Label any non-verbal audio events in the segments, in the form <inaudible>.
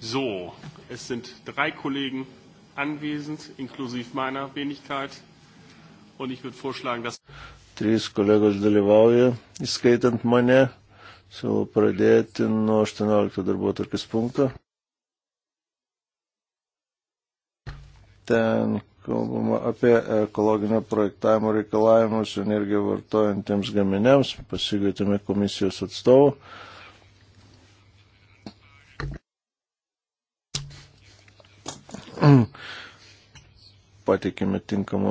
So, es sind drei Kollegen anwesend, inklusive meiner Wenigkeit. Und ich würde vorschlagen, dass. Trys kolegos dalyvauja, įskaitant mane, savo pradėti nuo 18 darbo tarkis punkto. Ten kalbama apie ekologinio projektavimo reikalavimus energiją vartojantiems gaminiams. Pasigaitėme komisijos atstovų. pateikėme tinkamą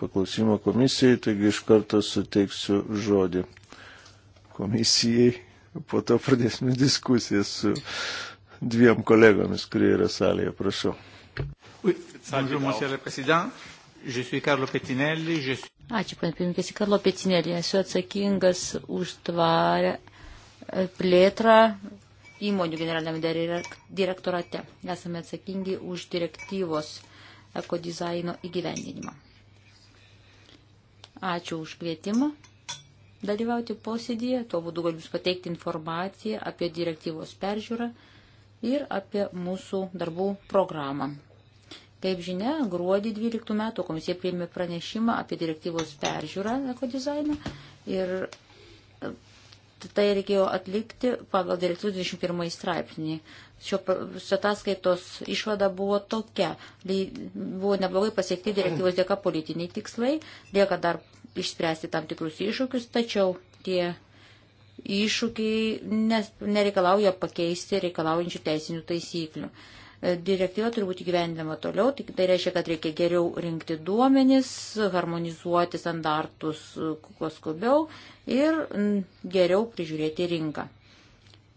paklausimą komisijai, taigi iš karto suteiksiu žodį komisijai, po to pradėsime diskusiją su dviem kolegomis, kurie yra salėje, prašau. Ačiū, pan Pininkas, Karlo Petinėlį, esu atsakingas už tvarę e, plėtrą įmonių generalinėme direktorate. Esame atsakingi už direktyvos ekodizaino įgyvendinimą. Ačiū už kvietimą dalyvauti posėdėje, tuo būdu galiu pateikti informaciją apie direktyvos peržiūrą ir apie mūsų darbų programą. Kaip žinia, gruodį 12 metų komisija priėmė pranešimą apie direktyvos peržiūrą ekodizainą ir tai reikėjo atlikti pagal direktyvų 21 straipsnį. Šios ataskaitos išvada buvo tokia. Buvo neblogai pasiekti direktyvos dėka politiniai tikslai, lieka dar išspręsti tam tikrus iššūkius, tačiau tie iššūkiai nereikalauja pakeisti reikalaujančių teisinių taisyklių. Uh, Direktyva turi būti gyvendama toliau, tik tai reiškia, kad reikia geriau rinkti duomenis, harmonizuoti standartus kuo skubiau ir geriau prižiūrėti rinką.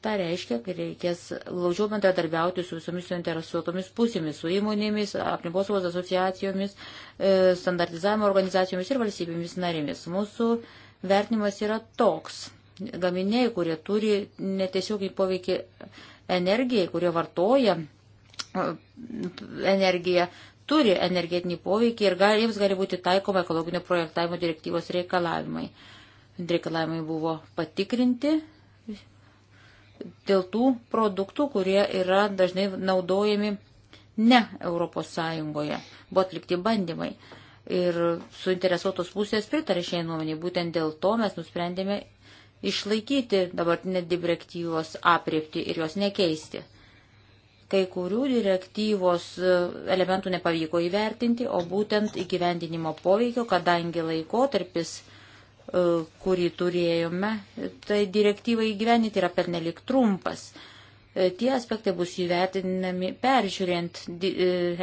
Ta reiškia, kad reikės glaužiau bendradarbiauti su visomis suinteresuotomis pusėmis, su įmonėmis, aplinkosaugos asociacijomis, e, standartizavimo organizacijomis ir valstybėmis narėmis. Mūsų vertinimas yra toks. Gaminiai, kurie turi netiesiogiai poveikį energijai, kurie vartoja energiją turi energetinį poveikį ir gali, jiems gali būti taikoma ekologinio projektavimo direktyvos reikalavimai. Reikalavimai buvo patikrinti dėl tų produktų, kurie yra dažnai naudojami ne Europos Sąjungoje. Buvo atlikti bandymai. Ir suinteresuotos pusės pritarė šiai nuomonė. Būtent dėl to mes nusprendėme išlaikyti dabartinę direktyvos apriepti ir jos nekeisti. Kai kurių direktyvos e, elementų nepavyko įvertinti, o būtent įgyvendinimo poveikio, kadangi laikotarpis, e, kurį turėjome, tai direktyvai įgyvendinti yra pernelik trumpas. E, tie aspektai bus įvertinami peržiūrint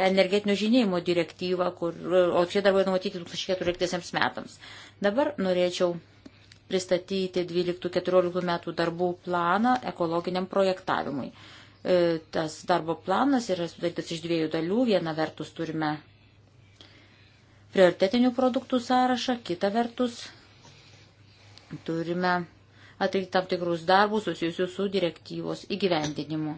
energetinio žinėjimo direktyvą, kur, o čia dar buvo numatyti 2014 metams. Dabar norėčiau pristatyti 12-14 metų darbų planą ekologiniam projektavimui. E, tas darbo planas yra sudarytas iš dviejų dalių. Viena vertus turime prioritetinių produktų sąrašą, kita vertus turime atlikti tam tikrus darbus susijusius su direktyvos įgyvendinimu.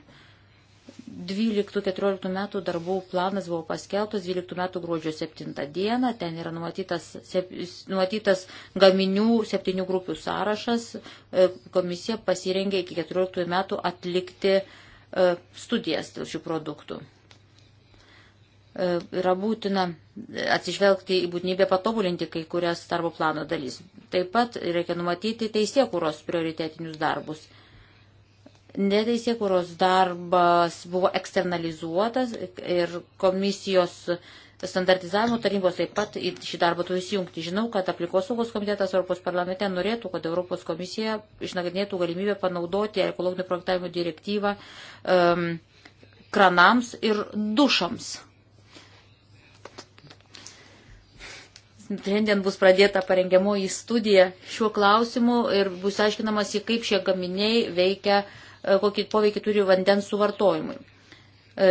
12-14 metų darbų planas buvo paskelbtas 12 metų gruodžio 7 dieną. Ten yra numatytas, sep, numatytas gaminių septynių grupių sąrašas. E, komisija pasirengė iki 14 metų atlikti uh, E, studijas dėl šių produktų. E, yra būtina atsižvelgti į būtinybę patobulinti kai kurias darbo plano dalys. Taip pat reikia numatyti teisėkūros prioritetinius darbus. Neteisėkūros darbas buvo eksternalizuotas ir komisijos uh, standartizavimo tarybos taip pat į šį darbą turi įsijungti. Žinau, kad aplinkosaugos komitetas Europos parlamente norėtų, kad Europos komisija išnagrinėtų galimybę panaudoti ekologinio projektavimo direktyvą um, kranams ir dušams. Šiandien bus pradėta parengiamoji studija šiuo klausimu ir bus aiškinamasi, kaip šie gaminiai veikia, e, kokį poveikį turi vandens suvartojimui. E,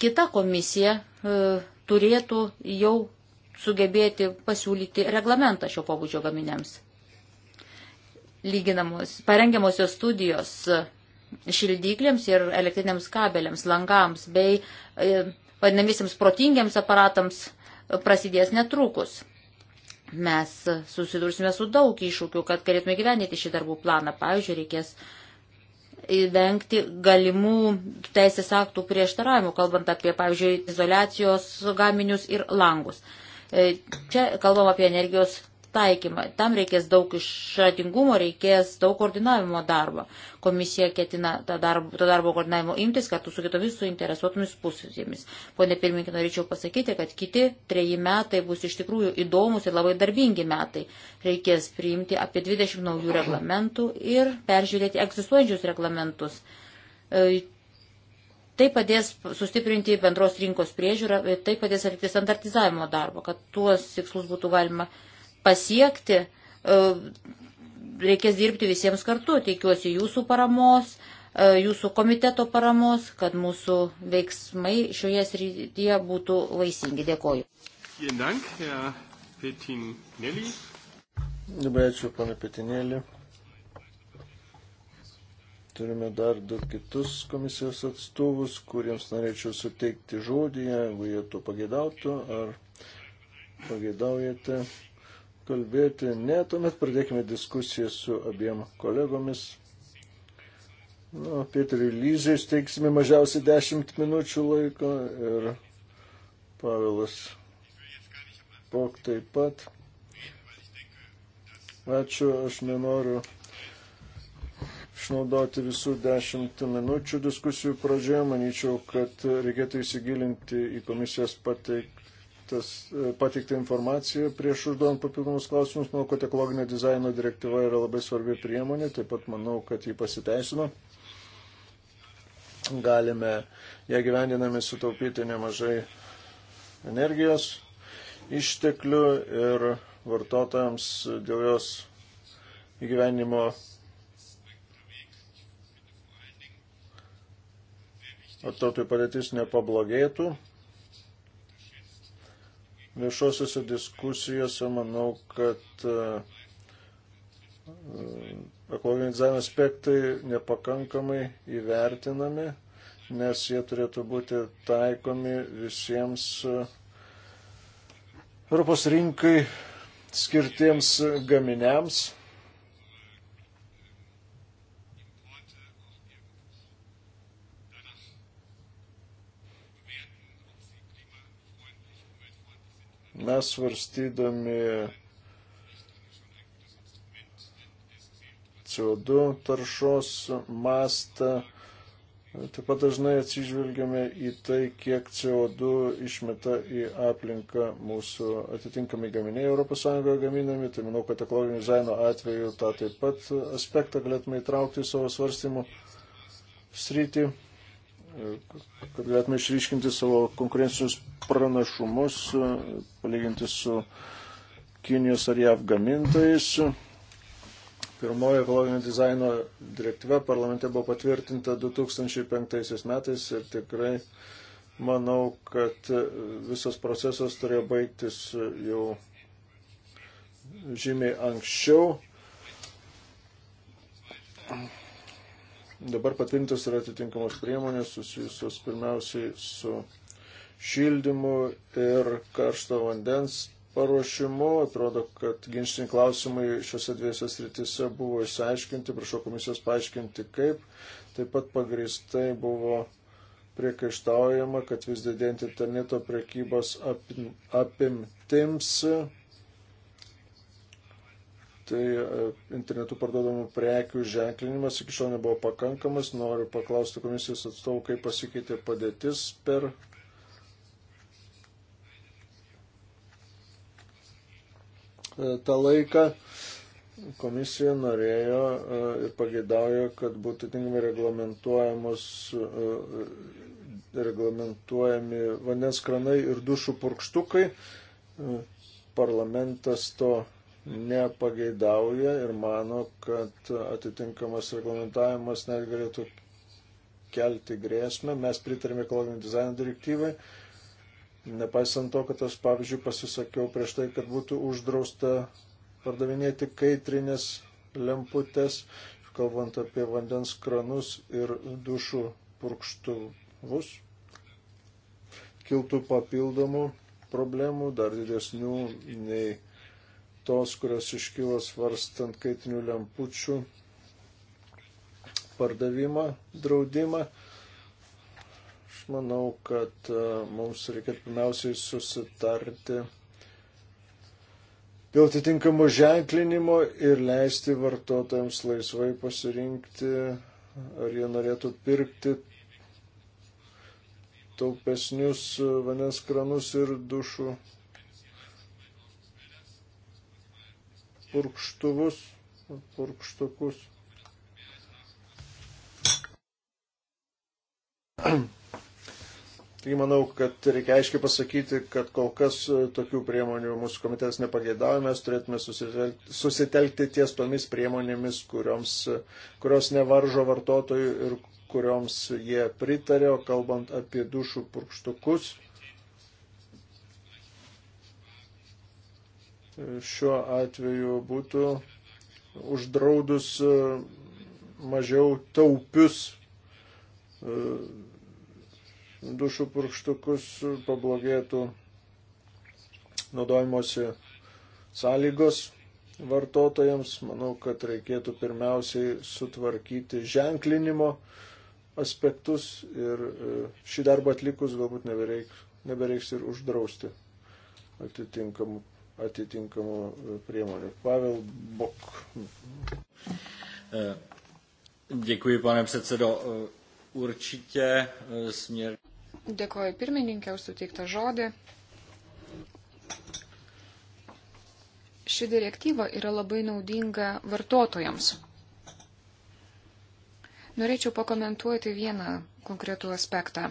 kita komisija e, turėtų jau sugebėti pasiūlyti reglamentą šio pobūdžio gaminiams. Lyginamos, parengiamosios studijos šildyklėms ir elektriniams kabeliams, langams bei e, vadinamiesiams protingiams aparatams prasidės netrukus. Mes susidursime su daug iššūkių, kad galėtume gyveninti šį darbų planą. Pavyzdžiui, reikės uh, vengti galimų teisės aktų prieštaravimų, kalbant apie, pavyzdžiui, izolacijos gaminius ir langus. E, čia kalbam apie energijos taikymą. Tam reikės daug išradingumo, reikės daug koordinavimo darbo. Komisija ketina tą darbo, to darbo koordinavimo imtis kartu su kitomis suinteresuotomis pusėmis. Pone pirmininkai, norėčiau pasakyti, kad kiti treji metai bus iš tikrųjų įdomus ir labai darbingi metai. Reikės priimti apie 20 naujų reglamentų ir peržiūrėti egzistuojančius reglamentus. E, tai padės sustiprinti bendros rinkos priežiūrą, tai padės atlikti standartizavimo darbą, kad tuos tikslus būtų galima uh, pasiekti, e, reikės dirbti visiems kartu. Tikiuosi jūsų paramos, e, jūsų komiteto paramos, kad mūsų veiksmai šioje srityje būtų vaisingi. Dėkoju. Labai ačiū, pana Petinėlė. Turime dar du kitus komisijos atstovus, kuriems norėčiau suteikti žodį, jeigu jie to pagėdautų ar pagėdaujate kalbėti? Ne, tuomet pradėkime diskusiją su abiem kolegomis. Nu, Pietriui Lyzai steiksime mažiausiai 10 minučių laiko ir Pavilas Pok taip pat. Ačiū, aš nenoriu išnaudoti visų 10 minučių diskusijų pradžioje. Manyčiau, kad reikėtų įsigilinti į komisijos pateik, pateiktą e, informaciją prieš užduodant papildomus klausimus. Manau, kad ekologinio dizaino direktyva yra labai svarbi priemonė, taip pat manau, kad jį pasiteisino. Galime ją gyvendinami sutaupyti nemažai energijos išteklių ir vartotojams dėl jos įgyvenimo vartotojų padėtis nepablogėtų viešosiuose diskusijose manau, kad e, ekologizavimo aspektai nepakankamai įvertinami, nes jie turėtų būti taikomi visiems e, Europos rinkai skirtiems gaminiams Mes svarstydami CO2 taršos mastą Taip pat dažnai atsižvelgiame į tai, kiek CO2 išmeta į aplinką mūsų atitinkami gaminiai ES gaminami. Tai manau, kad ekologinio dizaino atveju tą taip pat aspektą galėtume įtraukti į savo svarstymų sritį kad galėtume išryškinti savo konkurencinius pranašumus, palyginti su Kinijos ar JAV gamintojais. Pirmoji ekologinio dizaino direktyva parlamente buvo patvirtinta 2005 metais ir tikrai manau, kad visas procesas turėjo baigtis jau žymiai anksčiau. Dabar patvirtintos yra atitinkamos priemonės susijusios pirmiausiai su šildymu ir karšto vandens paruošimu. Atrodo, kad ginčiniai klausimai šiuose dviese sritise buvo išsiaiškinti. Prašau komisijos paaiškinti, kaip. Taip pat pagristai buvo priekaištaujama, kad vis didėjant interneto prekybos apimtims tai e, internetu parduodamų prekių ženklinimas iki šiol nebuvo pakankamas. Noriu paklausti komisijos atstovų, kaip pasikeitė padėtis per. E, tą laiką komisija norėjo e, ir pagėdaujo, kad būtų tinkamai reglamentuojamos reglamentuojami vandens kranai ir dušų purkštukai. Parlamentas to nepageidauja ir mano, kad atitinkamas reglamentavimas net galėtų kelti grėsmę. Mes pritarėme ekologinio dizaino direktyvai. Nepaisant to, kad aš, pavyzdžiui, pasisakiau prieš tai, kad būtų uždrausta pardavinėti kaitrinės lemputės, kalbant apie vandens kranus ir dušų purkštuvus, kiltų papildomų problemų, dar didesnių nei tos, kurios iškilo svarstant kaitinių lempučių pardavimą, draudimą. Aš manau, kad e, mums reikėtų pirmiausiai susitarti dėl atitinkamo ženklinimo ir leisti vartotojams laisvai pasirinkti, ar jie norėtų pirkti taupesnius e, vandens kranus ir dušų purkštuvus, purkštukus. Taigi manau, kad reikia aiškiai pasakyti, kad kol kas e, tokių priemonių mūsų komitetas nepageidavo, mes turėtume susitelkti ties tomis priemonėmis, kurioms, e, kurios nevaržo vartotojų ir kurioms jie pritarė, kalbant apie dušų purkštukus. šiuo atveju būtų uždraudus e, mažiau taupius e, dušų purkštukus pablogėtų naudojimuose sąlygos vartotojams. Manau, kad reikėtų pirmiausiai sutvarkyti ženklinimo aspektus ir e, šį darbą atlikus galbūt nebereiks, nebereiks ir uždrausti atitinkamų atitinkamų e, priemonių. Pavel Bok. E, děkuji, pane předsedo. E, určitě směr. Dėkoju pirmininkė už suteiktą žodį. Ši direktyva yra labai naudinga vartotojams. Norėčiau pakomentuoti vieną konkretų aspektą,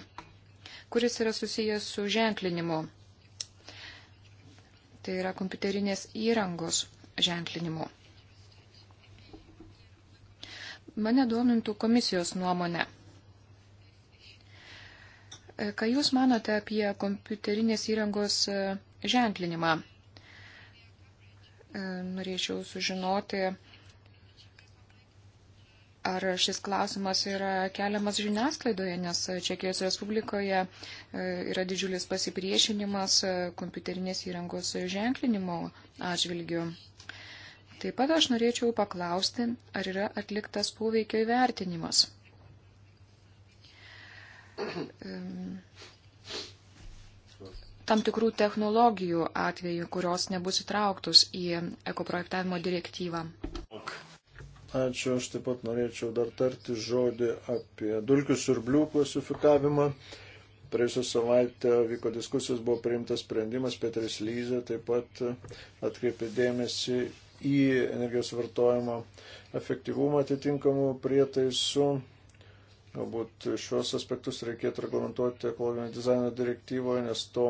kuris yra susijęs su ženklinimu tai yra kompiuterinės įrangos ženklinimu. Mane duomintų komisijos nuomonė. Ką Jūs manote apie kompiuterinės įrangos e, ženklinimą? E, norėčiau sužinoti, Ar šis klausimas yra keliamas žiniasklaidoje, nes Čekijos Respublikoje e, yra didžiulis pasipriešinimas e, kompiuterinės įrangos ženklinimo atžvilgių. Taip pat aš norėčiau paklausti, ar yra atliktas poveikio įvertinimas. Tam tikrų technologijų atveju, kurios nebus įtrauktus į ekoprojektavimo direktyvą. Ačiū, aš taip pat norėčiau dar tarti žodį apie dulkių siurblių klasifikavimą. Praėjusią savaitę vyko diskusijos, buvo priimtas sprendimas, Petris Lyzė taip pat atkreipė dėmesį į energijos vartojimo efektyvumą atitinkamų prietaisų. Galbūt šios aspektus reikėtų reglamentuoti ekologinio dizaino direktyvoje, nes to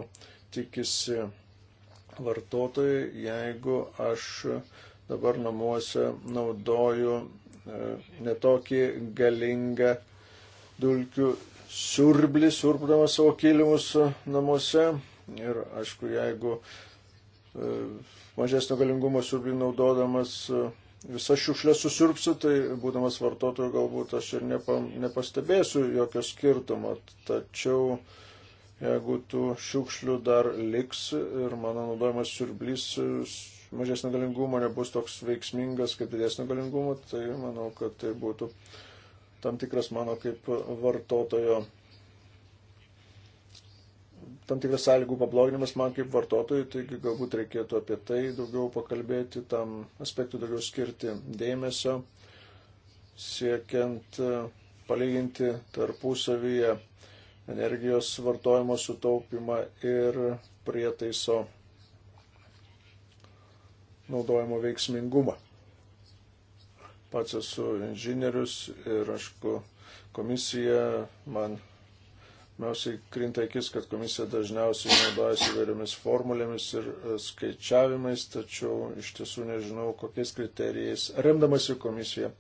tikisi vartotojai, jeigu aš dabar namuose naudoju e, netokį galingą dulkių siurblį, siurbdamas savo kilimus namuose. Ir aišku, jeigu e, mažesnio galingumo siurblį naudodamas e, visas šiukšlės susirpsiu, tai būdamas vartotoju galbūt aš ir nepa, nepastebėsiu jokio skirtumo. Tačiau jeigu tų šiukšlių dar liks ir mano naudojamas siurblys mažesnio galingumo nebus toks veiksmingas kaip didesnio galingumo, tai manau, kad tai būtų tam tikras mano kaip vartotojo, tam tikras sąlygų pabloginimas man kaip vartotojui, taigi galbūt reikėtų apie tai daugiau pakalbėti, tam aspektų daugiau skirti dėmesio, siekiant e, palyginti tarpusavyje energijos vartojimo sutaupimą ir prietaiso naudojimo veiksmingumą. Pats esu inžinierius ir, aišku, komisija man pirmiausiai krinta akis, kad komisija dažniausiai naudojasi įvairiomis formulėmis ir e, skaičiavimais, tačiau iš tiesų nežinau, kokiais kriterijais remdamasi komisija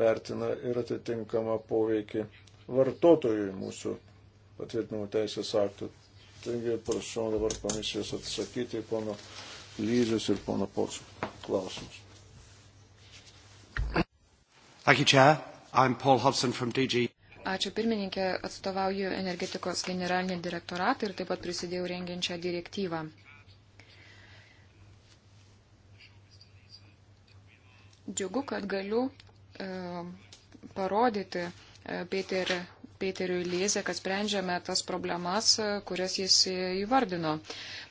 vertina ir atitinkamą poveikį vartotojui mūsų patvirtinamų teisės aktų. Taigi prašau dabar komisijos atsakyti į pono Lyzės ir pono Potsų klausimus. Ačiū pirmininkė, atstovauju energetikos generalinį direktoratą ir taip pat prisidėjau rengiančią direktyvą. Džiugu, kad galiu e, parodyti e, Peter Peteriui Lyze, kad sprendžiame tas problemas, kurias jis įvardino.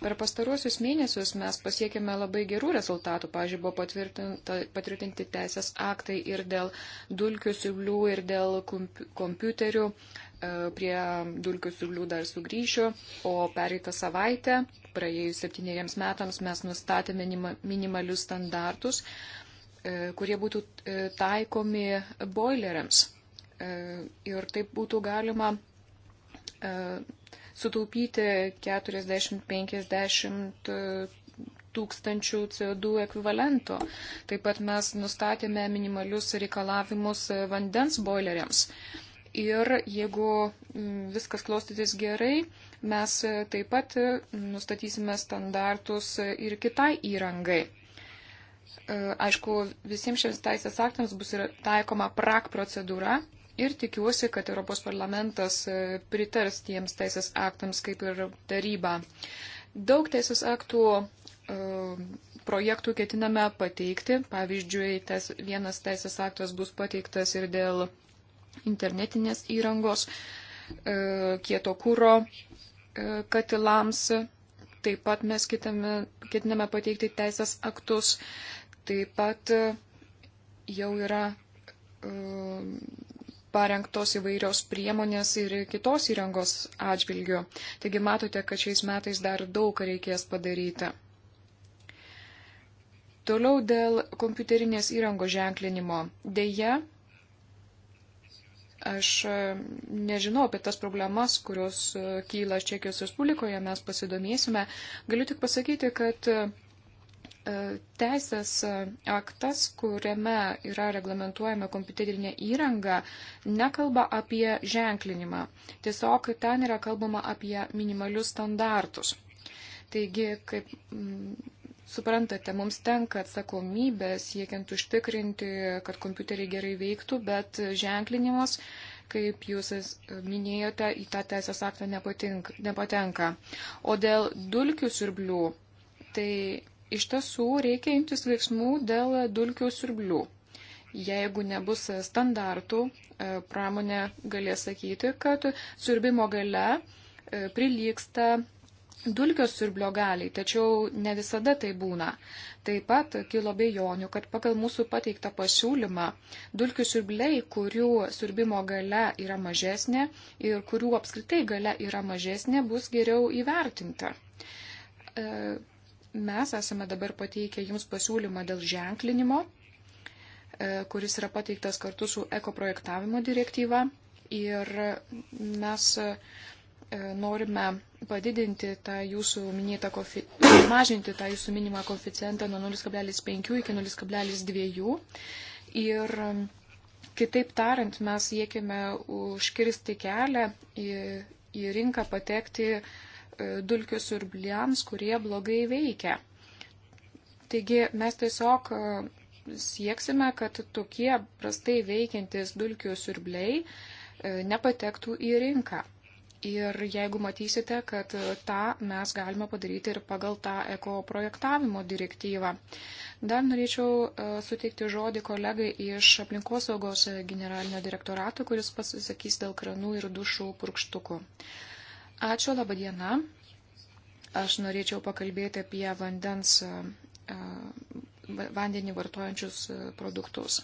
Per pastaruosius mėnesius mes pasiekėme labai gerų rezultatų. Pavyzdžiui, buvo patvirtinti teisės aktai ir dėl dulkių siūlių, ir dėl kompiuterių. E, prie dulkių siūlių dar sugrįšiu, o pereitą savaitę, praėjus septyneriems metams, mes nustatėme minimalius standartus e, kurie būtų e, taikomi boileriams. E, ir taip būtų galima e, sutaupyti 40-50 e, tūkstančių CO2 ekvivalento. Taip pat mes nustatėme minimalius reikalavimus vandens boileriams. Ir jeigu viskas klostytis gerai, mes taip pat nustatysime standartus ir kitai įrangai. Aišku, visiems šiems teisės aktams bus taikoma prak procedūra, ir tikiuosi, kad Europos parlamentas e, pritars tiems teisės aktams kaip ir taryba. Daug teisės aktų e, projektų ketiname pateikti. Pavyzdžiui, tas vienas teisės aktas bus pateiktas ir dėl internetinės įrangos, e, kieto kūro katilams. Taip pat mes kitame, ketiname pateikti teisės aktus. Taip pat jau yra parengtos įvairios priemonės ir kitos įrangos atžvilgių. Taigi matote, kad šiais metais dar daug reikės padaryti. Toliau dėl kompiuterinės įrangos ženklinimo. Deja, aš e, nežinau apie tas problemas, kurios e, kyla Čekijos Respublikoje, mes pasidomėsime. Galiu tik pasakyti, kad E, teisės aktas, kuriame yra reglamentuojama kompiuterinė įranga, nekalba apie ženklinimą. Tiesiog ten yra kalbama apie minimalius standartus. Taigi, kaip mm, suprantate, mums tenka atsakomybė siekiant užtikrinti, kad kompiuteriai gerai veiktų, bet ženklinimas, kaip jūs minėjote, į tą teisės aktą nepatink, nepatenka. O dėl dulkių siurblių, tai iš tiesų reikia imtis veiksmų dėl dulkių siurblių. Jeigu nebus standartų, e, pramonė galės sakyti, kad siurbimo gale e, prilyksta dulkio siurblio galiai, tačiau ne visada tai būna. Taip pat kilo bejonių, kad pagal mūsų pateiktą pasiūlymą dulkių siurbliai, kurių siurbimo gale yra mažesnė ir kurių apskritai gale yra mažesnė, bus geriau įvertinta. E, Mes esame dabar pateikę Jums pasiūlymą dėl ženklinimo, e, kuris yra pateiktas kartu su ekoprojektavimo direktyva. Ir mes e, norime padidinti tą jūsų minėtą, kofi... <coughs> mažinti tą jūsų minimą koficijantą nuo 0,5 iki 0,2. Ir e, kitaip tariant, mes siekime užkirsti kelią į, į rinką patekti uh, dulkių siurbliams, kurie blogai veikia. Taigi mes tiesiog e, sieksime, kad tokie prastai veikiantis dulkių siurbliai e, nepatektų į rinką. Ir jeigu matysite, kad tą mes galime padaryti ir pagal tą ekoprojektavimo direktyvą. Dar norėčiau e, suteikti žodį kolegai iš aplinkosaugos generalinio direktorato, kuris pasisakys dėl kranų ir dušų purkštukų. Ačiū, laba diena. Aš norėčiau pakalbėti apie vandens, vandenį vartojančius produktus.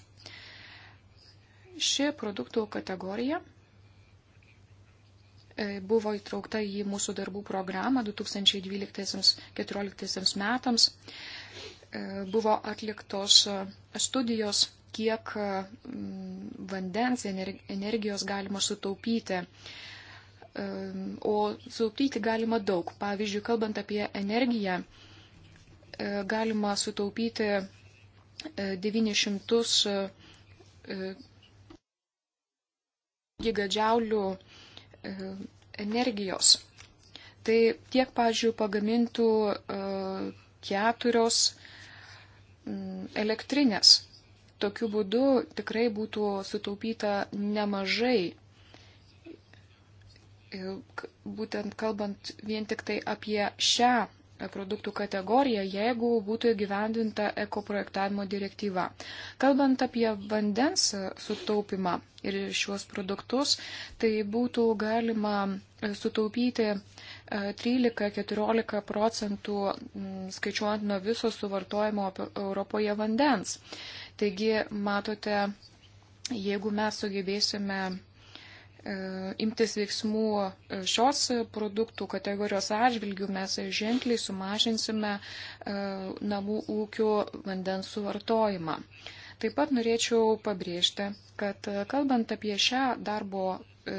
Ši produktų kategorija e, buvo įtraukta į mūsų darbų programą 2012-2014 metams. E, buvo atliktos studijos, kiek vandens energijos galima sutaupyti o sutaupyti galima daug. Pavyzdžiui, kalbant apie energiją, e, galima sutaupyti 900 e, e, gigadžiaulių energijos. Tai tiek, pavyzdžiui, pagamintų keturios elektrinės. Tokiu būdu tikrai būtų sutaupyta nemažai būtent kalbant vien tik tai apie šią produktų kategoriją, jeigu būtų įgyvendinta ekoprojektavimo direktyva. Kalbant apie vandens sutaupimą ir šiuos produktus, tai būtų galima sutaupyti 13-14 e, procentų skaičiuojant nuo viso suvartojimo Europoje vandens. Taigi, matote, jeigu mes sugebėsime E, imtis veiksmų šios produktų kategorijos atžvilgių mes ženkliai sumažinsime e, namų ūkių vandens suvartojimą. Taip pat norėčiau pabrėžti, kad kalbant apie šią darbo, e,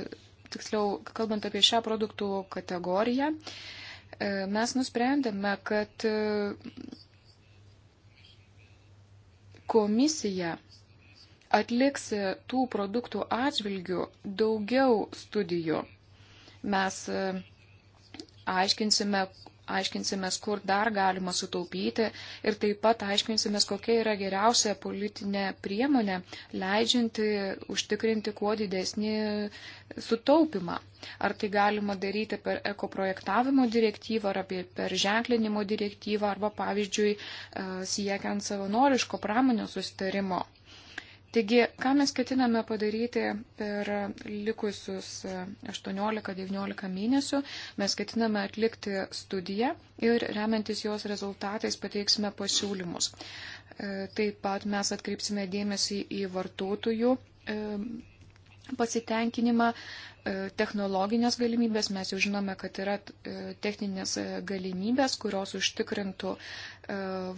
tiksliau, kalbant apie šią produktų kategoriją, mes nusprendėme, kad komisija atliks tų produktų atžvilgių daugiau studijų. Mes e, aiškinsime, aiškinsime, kur dar galima sutaupyti ir taip pat aiškinsime, kokia yra geriausia politinė priemonė, leidžianti užtikrinti kuo didesnį sutaupimą. Ar tai galima daryti per ekoprojektavimo direktyvą, ar apie, per ženklinimo direktyvą, arba pavyzdžiui e, siekiant savanoriško pramonio sustarimo. Taigi, ką mes ketiname padaryti per likusius 18-19 e, mėnesių, mes ketiname atlikti studiją ir remiantis jos rezultatais pateiksime pasiūlymus. E, taip pat mes atkreipsime dėmesį į vartotojų e, pasitenkinimą, e, technologinės galimybės, mes jau žinome, kad yra e, techninės e, galimybės, kurios užtikrintų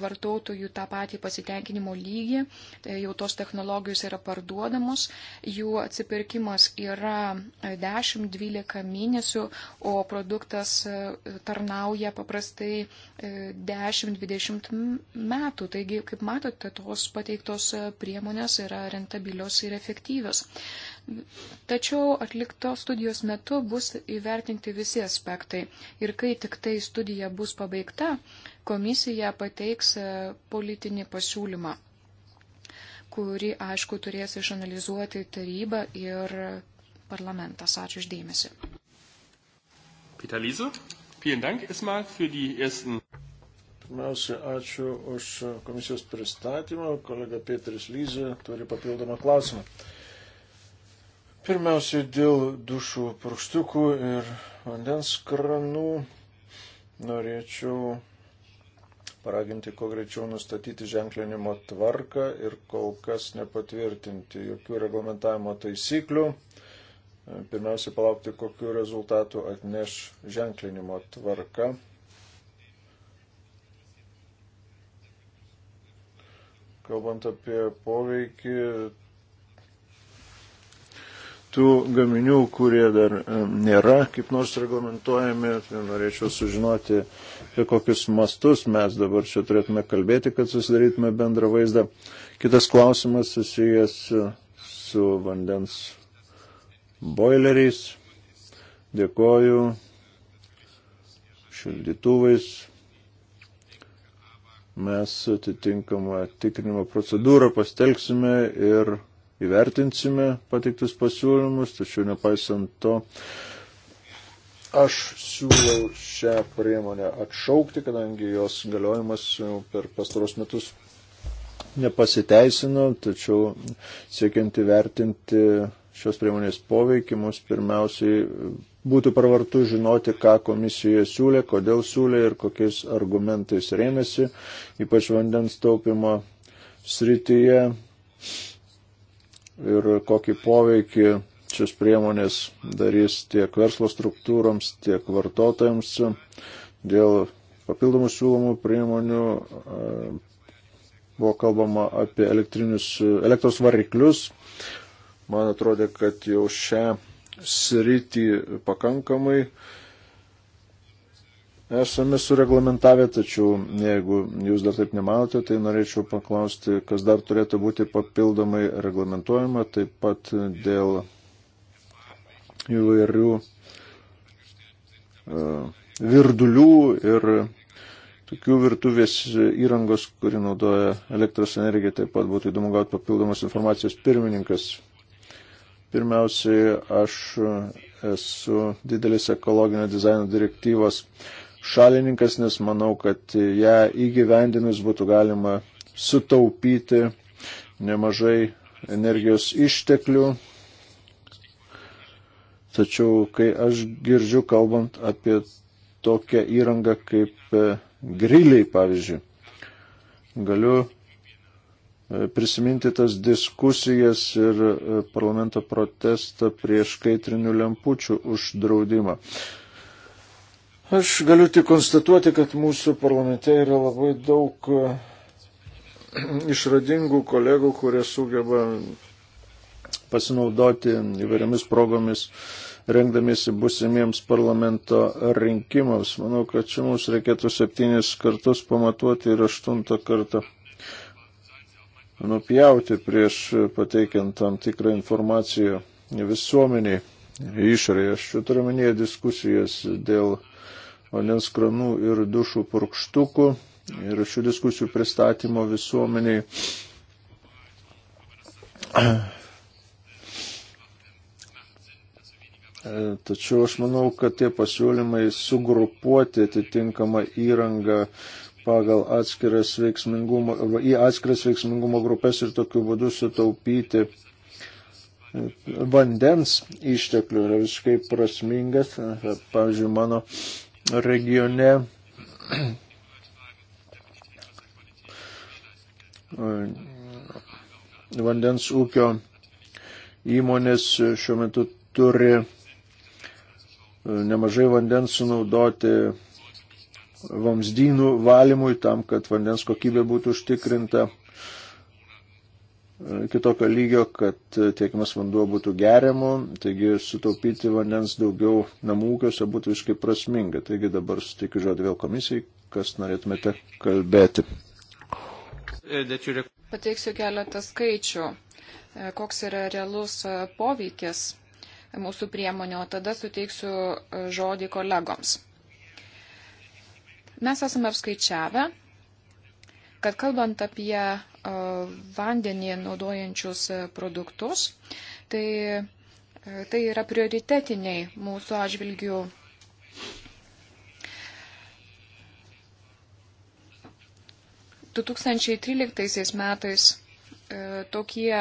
vartotojų tą patį pasitenkinimo lygį, jau tos technologijos yra parduodamos, jų atsipirkimas yra 10-12 mėnesių, o produktas tarnauja paprastai 10-20 metų. Taigi, kaip matote, tos pateiktos priemonės yra rentabilios ir efektyvios. Tačiau atlikto studijos metu bus įvertinti visi aspektai. Ir kai tik tai studija bus pabaigta, komisija pateiks e, politinį pasiūlymą, kurį, aišku, turės išanalizuoti taryba ir parlamentas. Ačiū uždėmesi. Peter Liese, vielen Dank erstmal für die ersten. Pirmiausia, ačiū už komisijos pristatymą. Kolega Petris Lyzė turi papildomą klausimą. Pirmiausiai dėl dušų purkštukų ir vandens kranų norėčiau paraginti kuo greičiau nustatyti ženklinimo tvarką ir kol kas nepatvirtinti jokių reglamentavimo taisyklių. Pirmiausia, palaukti, kokiu rezultatu atneš ženklinimo tvarka. Kalbant apie poveikį, tų gaminių, kurie dar e, nėra kaip nors reglamentojami. Tai norėčiau sužinoti, apie kokius mastus mes dabar čia turėtume kalbėti, kad susidarytume bendrą vaizdą. Kitas klausimas susijęs e, su vandens boileriais. Dėkoju. Šildytuvais. Mes atitinkamą tikrinimo procedūrą pastelksime ir įvertinsime pateiktus pasiūlymus, tačiau nepaisant to, aš siūlau šią priemonę atšaukti, kadangi jos galiojimas jau per pastaros metus nepasiteisino, tačiau siekiant įvertinti šios priemonės poveikį, mums pirmiausiai būtų pravartu žinoti, ką komisija siūlė, kodėl siūlė ir kokiais argumentais rėmėsi, ypač vandens taupimo srityje ir kokį poveikį šios priemonės darys tiek verslo struktūroms, tiek vartotojams dėl papildomų siūlomų priemonių. Buvo kalbama apie elektros variklius. Man atrodė, kad jau šią sritį pakankamai uh, esame sureglamentavę, tačiau jeigu jūs dar taip nemanote, tai norėčiau paklausti, kas dar turėtų būti papildomai reglamentuojama, taip pat dėl įvairių e, virdulių ir tokių virtuvės įrangos, kuri naudoja elektros energiją, taip pat būtų įdomu gauti papildomas informacijos pirmininkas. Pirmiausiai, aš esu didelis ekologinio dizaino direktyvos uh, šalininkas, nes manau, kad ją įgyvendinus būtų galima sutaupyti nemažai energijos išteklių. Tačiau, kai aš girdžiu kalbant apie tokią įrangą kaip e, griliai, pavyzdžiui, galiu e, prisiminti tas diskusijas ir e, parlamento protestą prieš kaitrinių lempučių uždraudimą. Aš galiu tik konstatuoti, kad mūsų parlamente yra labai daug e, išradingų kolegų, kurie sugeba pasinaudoti įvairiomis progomis, rengdamiesi busimiems parlamento rinkimams. Manau, kad čia mums reikėtų septynis kartus pamatuoti ir aštuntą kartą nupjauti prieš pateikiant tam tikrą informaciją visuomeniai išorėje. Aš čia turiu minėję diskusijas dėl vandens kranų ir dušų purkštukų ir šių diskusijų pristatymo visuomeniai. Tačiau aš manau, kad tie pasiūlymai sugrupuoti atitinkamą įrangą pagal atskiras veiksmingumo, į atskiras veiksmingumo grupės ir tokiu būdu sutaupyti vandens išteklių yra visiškai prasmingas. Pavyzdžiui, mano regione vandens ūkio įmonės šiuo metu turi nemažai vandens sunaudoti vamzdynų valymui tam, kad vandens kokybė būtų užtikrinta kitokio lygio, kad tiekiamas vanduo būtų geriamo, taigi sutaupyti vandens daugiau namų ūkiuose būtų iškai prasminga. Taigi dabar suteikiu žodį vėl komisijai, kas norėtumėte kalbėti. Pateiksiu keletą skaičių, koks yra realus poveikis mūsų priemonio, tada suteiksiu žodį kolegoms. Mes esame apskaičiavę, kad kalbant apie vandenį naudojančius produktus, tai, tai yra prioritetiniai mūsų atžvilgių. Du 2013 metais tokie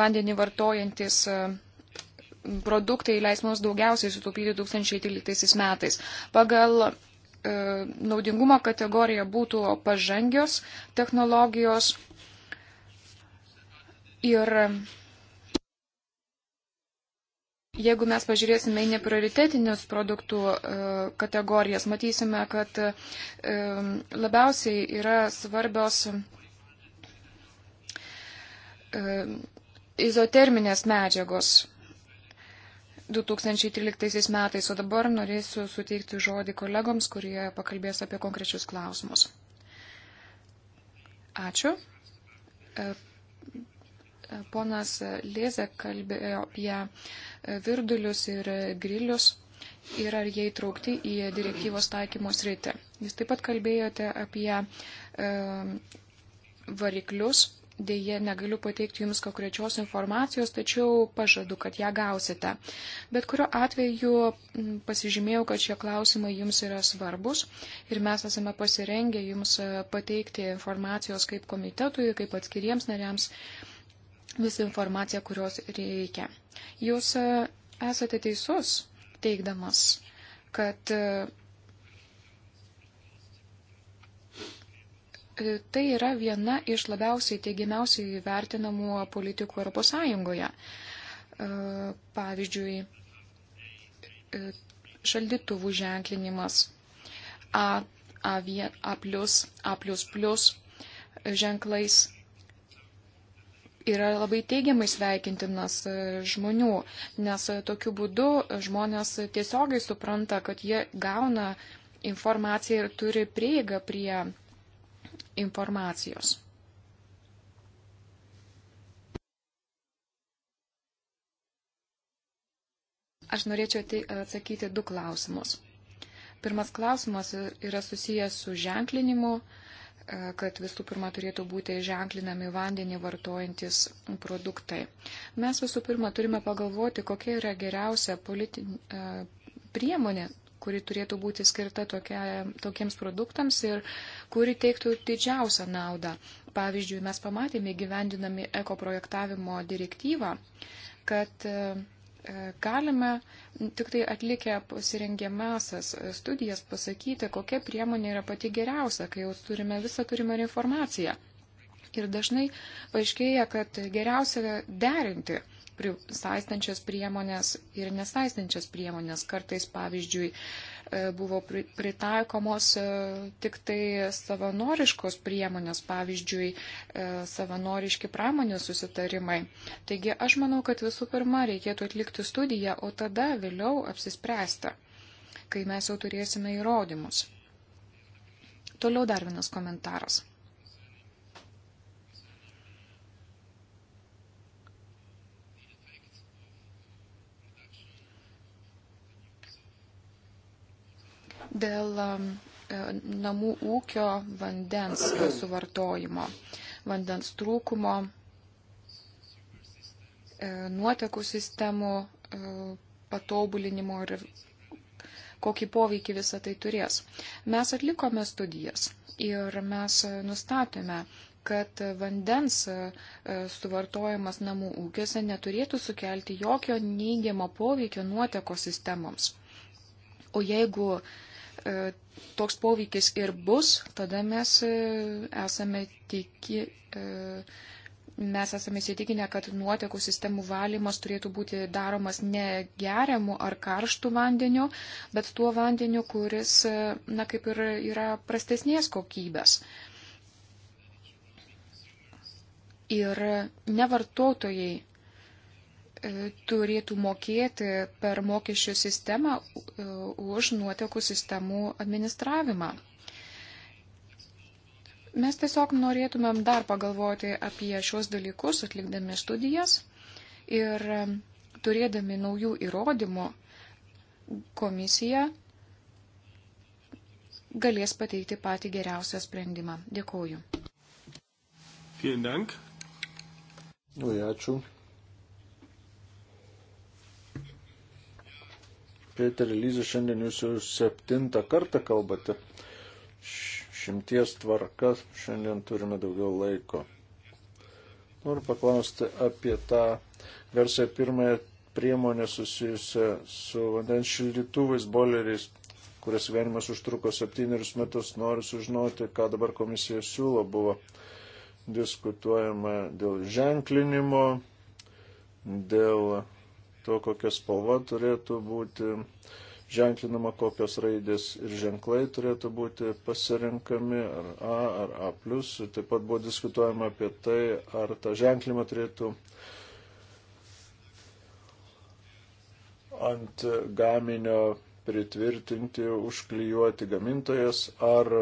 vandenį vartojantis produktai leis mums daugiausiai sutaupyti 2013 metais. Pagal E, naudingumo kategorija būtų pažangios technologijos ir Jeigu mes pažiūrėsime į neprioritetinius produktų e, kategorijas, matysime, kad e, labiausiai yra svarbios izoterminės medžiagos. 2013 metais, o dabar norėsiu suteikti žodį kolegoms, kurie pakalbės apie konkrečius klausimus. Ačiū. E, e, ponas Lėzė kalbėjo apie e, virdulius ir grilius ir ar jie įtraukti į direktyvos taikymos rytį. Jūs taip pat kalbėjote apie variklius Deja, negaliu pateikti Jums konkrečios informacijos, tačiau pažadu, kad ją gausite. Bet kuriuo atveju pasižymėjau, kad šie klausimai Jums yra svarbus ir mes esame pasirengę Jums e, pateikti informacijos kaip komitetui, kaip atskiriems nariams visą informaciją, kurios reikia. Jūs e, esate teisus teikdamas, kad e, E, tai yra viena iš labiausiai teigiamiausiai vertinamų politikų ES. E, pavyzdžiui, e, šaldytuvų ženklinimas A, A1, A, A+, A++ ženklais yra labai teigiamai sveikintinas žmonių, nes tokiu būdu žmonės tiesiogiai supranta, kad jie gauna informaciją ir turi prieigą prie informacijos. Aš norėčiau atsakyti du klausimus. Pirmas klausimas yra susijęs su ženklinimu, e, kad visų pirma turėtų būti ženklinami vandenį vartojantis produktai. Mes visų pirma turime pagalvoti, kokia yra geriausia politinė e, priemonė kuri turėtų būti skirta tokia, tokiems produktams ir kuri teiktų didžiausią naudą. Pavyzdžiui, mes pamatėme gyvendinami ekoprojektavimo direktyvą, kad e, e, galime tik tai atlikę pasirengiamasias studijas pasakyti, kokia priemonė yra pati geriausia, kai jau turime visą turimą informaciją. Ir dažnai paaiškėja, kad geriausia derinti saistančias priemonės ir nesaistančias priemonės. Kartais, pavyzdžiui, e, buvo pritaikomos e, tik tai savanoriškos priemonės, pavyzdžiui, e, savanoriški pramonės susitarimai. Taigi aš manau, kad visų pirma reikėtų atlikti studiją, o tada vėliau apsispręsta, kai mes jau turėsime įrodymus. Toliau dar vienas komentaras. dėl um, e, namų ūkio vandens suvartojimo, vandens trūkumo, e, nuotekų sistemų e, patobulinimo ir kokį poveikį visą tai turės. Mes atlikome studijas ir mes nustatėme, kad vandens suvartojimas namų ūkiuose neturėtų sukelti jokio neigiamo poveikio nuoteko sistemoms. O jeigu E, toks poveikis ir bus, tada mes e, esame tiki. E, mes esame įsitikinę, kad nuotekų sistemų valymas turėtų būti daromas ne geriamu ar karštu vandeniu, bet tuo vandeniu, kuris, na, kaip ir yra prastesnės kokybės. Ir ne vartotojai E, turėtų mokėti per mokesčių sistemą e, už nuotekų sistemų administravimą. Mes tiesiog norėtumėm dar pagalvoti apie šios dalykus, atlikdami studijas ir e, turėdami naujų įrodymų komisija galės pateikti patį geriausią sprendimą. Dėkuoju. Vielen Dank. Labai ačiū. Peter Lyze, šiandien jūs jau septintą kartą kalbate. Šimties tvarkas, šiandien turime daugiau laiko. Noriu paklausti apie tą garsią pirmąją priemonę susijusią su vandens šildytuvais, boileriais, kurias gyvenimas užtruko septynerius metus. Noriu sužinoti, ką dabar komisija siūlo. Buvo diskutuojama dėl ženklinimo, dėl to, kokia spalva turėtų būti ženklinama, kokios raidės ir ženklai turėtų būti pasirinkami, ar A, ar A. Taip pat buvo diskutuojama apie tai, ar tą ženklimą turėtų ant gaminio pritvirtinti, užklijuoti gamintojas, ar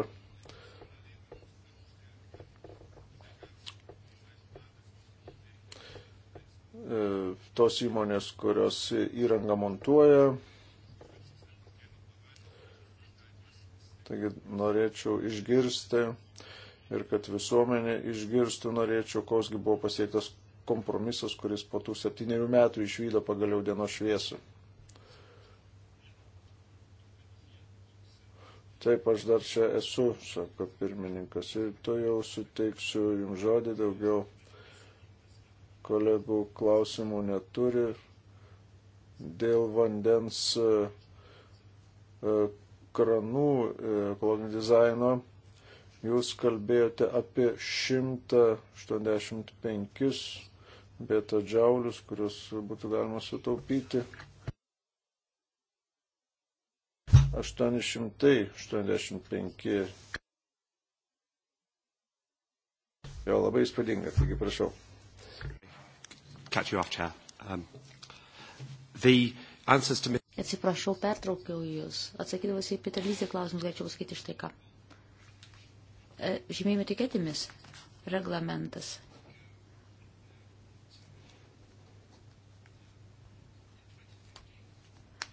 E, tos įmonės, kurios įrangą montuoja. Taigi norėčiau išgirsti ir kad visuomenė išgirstų, norėčiau, kosgi buvo pasiektas kompromisas, kuris po tų septyniarių metų išvydo pagaliau dienos šviesą. Taip, aš dar čia esu, sako pirmininkas, ir to jau suteiksiu jums žodį, daugiau kolegų klausimų neturi. Dėl vandens e, e, kranų e, ekologinio dizaino jūs kalbėjote apie 185 beta džiaulius, kuriuos būtų galima sutaupyti. 885. Jo labai įspūdinga, taigi prašau cut you off, Chair. Um, the answers to... Atsiprašau, pertraukiau Jūs. Atsakydamas į Peter Lyzį klausimus, galėčiau pasakyti štai ką. E, žymėjimo tikėtimis reglamentas.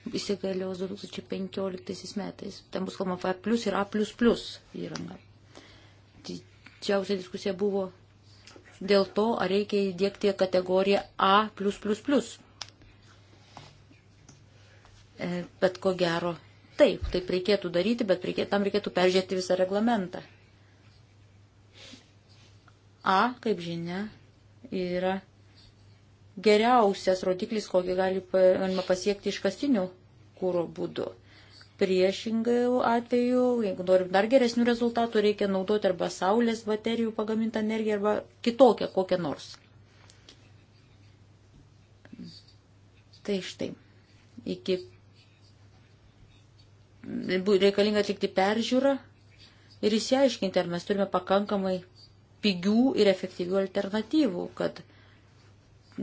Įsigalios 2015 metais. Ten bus kalbama apie A plus ir A plus plus įrangą. Didžiausia diskusija buvo dėl to, ar reikia įdėkti kategoriją A. E, bet ko gero, taip, taip reikėtų daryti, bet reikėtų, tam reikėtų peržiūrėti visą reglamentą. A, kaip žinia, yra geriausias rodiklis, kokį galima pasiekti iškastinių kūro būdu. Priešingai atveju, jeigu norim dar geresnių rezultatų, reikia naudoti arba saulės baterijų pagamintą energiją, arba kitokią kokią nors. Tai štai. Iki reikalinga atlikti peržiūrą ir įsiaiškinti, ar mes turime pakankamai pigių ir efektyvių alternatyvų, kad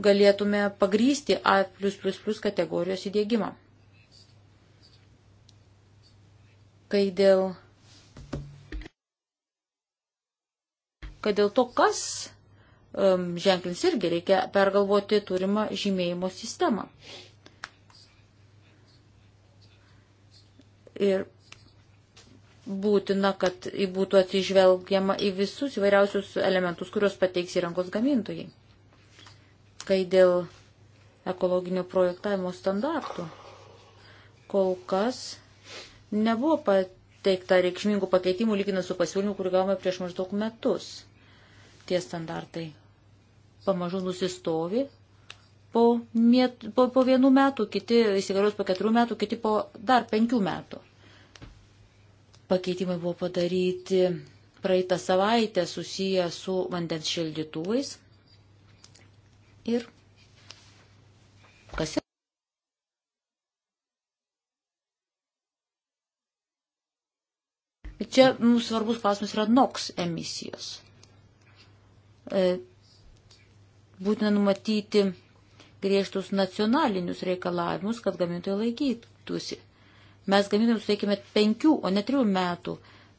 galėtume pagrysti A kategorijos įdėgymą. kai dėl, kad dėl to, kas um, ženklins irgi reikia pergalvoti turimą žymėjimo sistemą. Ir būtina, kad būtų atsižvelgiama į visus įvairiausius elementus, kuriuos pateiks įrangos gamintojai. Kai dėl ekologinio projektavimo standartų kol kas Nebuvo pateikta reikšmingų pakeitimų lyginant su pasiūlymu, kurį gavome prieš maždaug metus. Tie standartai pamažu nusistovi. Po, miet, po, po vienų metų, kiti įsigalios po keturių metų, kiti po dar penkių metų. Pakeitimai buvo padaryti praeitą savaitę susiję su vandens šildytuvais. Ir kas yra? Čia mums svarbus klausimas yra NOX emisijos. E, būtina numatyti griežtus nacionalinius reikalavimus, kad gamintojai laikytųsi. Mes gamintojams suteikime penkių, o ne trijų metų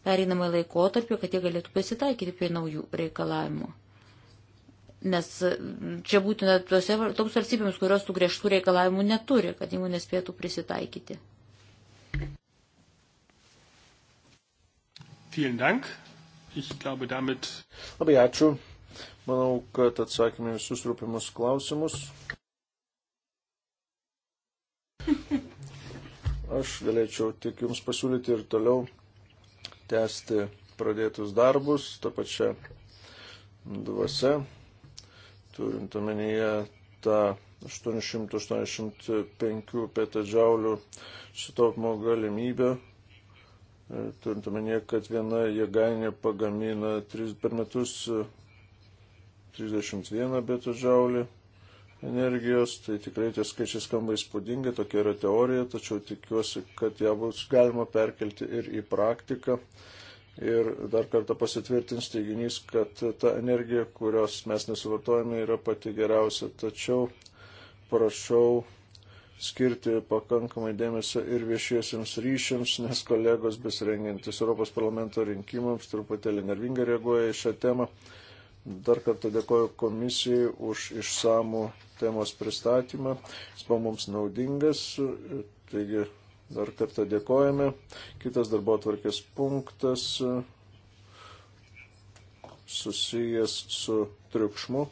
pereinamą laikotarpį, kad jie galėtų pasitaikyti prie naujų reikalavimų. Nes čia būtina tose, toms valstybėms, kurios tų griežtų reikalavimų neturi, kad įmonės spėtų prisitaikyti. Vielen Dank. Ich glaube, damit. Labai ačiū. Manau, kad atsakėme visus rūpimus klausimus. Aš galėčiau tik Jums pasiūlyti ir toliau tęsti pradėtus darbus tą pačią dvasę, turint omenyje tą 885 petadžiaulių sutaupimo galimybę E, turint omenyje, kad viena jėgainė pagamina 3, per metus 31 e, betų žaulį energijos, tai tikrai tie skaičiai skamba įspūdingai, tokia yra teorija, tačiau tikiuosi, kad ją bus galima perkelti ir į praktiką. Ir dar kartą pasitvirtins teiginys, kad ta energija, kurios mes nesuvartojame, yra pati geriausia. Tačiau prašau skirti pakankamai dėmesio ir viešiesiams ryšiams, nes kolegos besirengiantis Europos parlamento rinkimams truputėlį nervingai reaguoja į šią temą. Dar kartą dėkoju komisijai už išsamų temos pristatymą. Jis buvo mums naudingas, taigi dar kartą dėkojame. Kitas darbo atvarkės punktas susijęs su triukšmu.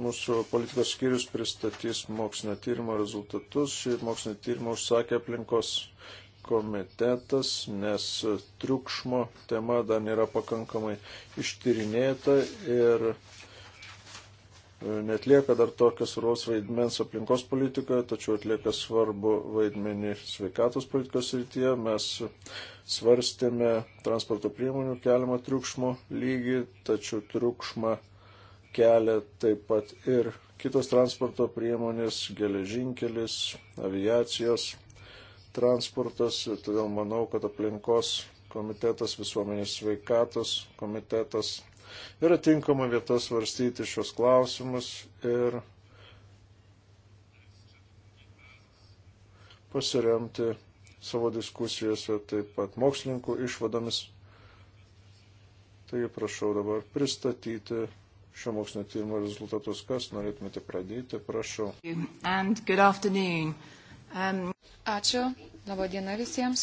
Mūsų politikos skyrius pristatys mokslinio tyrimo rezultatus. Šį mokslinio tyrimą užsakė aplinkos komitetas, nes triukšmo tema dar nėra pakankamai ištyrinėta ir e, netlieka dar tokio svarbaus vaidmens aplinkos politikoje, tačiau atlieka svarbu vaidmenį sveikatos politikos rytyje. Mes svarstėme transporto priemonių keliamą triukšmo lygį, tačiau triukšmą kelia taip pat ir kitos transporto priemonės, geležinkelis, aviacijos transportas. Todėl manau, kad aplinkos komitetas, visuomenės sveikatos komitetas yra tinkama vieta svarstyti šios klausimus ir pasiremti savo diskusijose taip pat mokslininkų išvadomis. Taigi prašau dabar pristatyti šio mokslinio tyrimo rezultatus. Kas norėtumėte pradėti, prašau. And good afternoon. Um... Ačiū, laba diena visiems.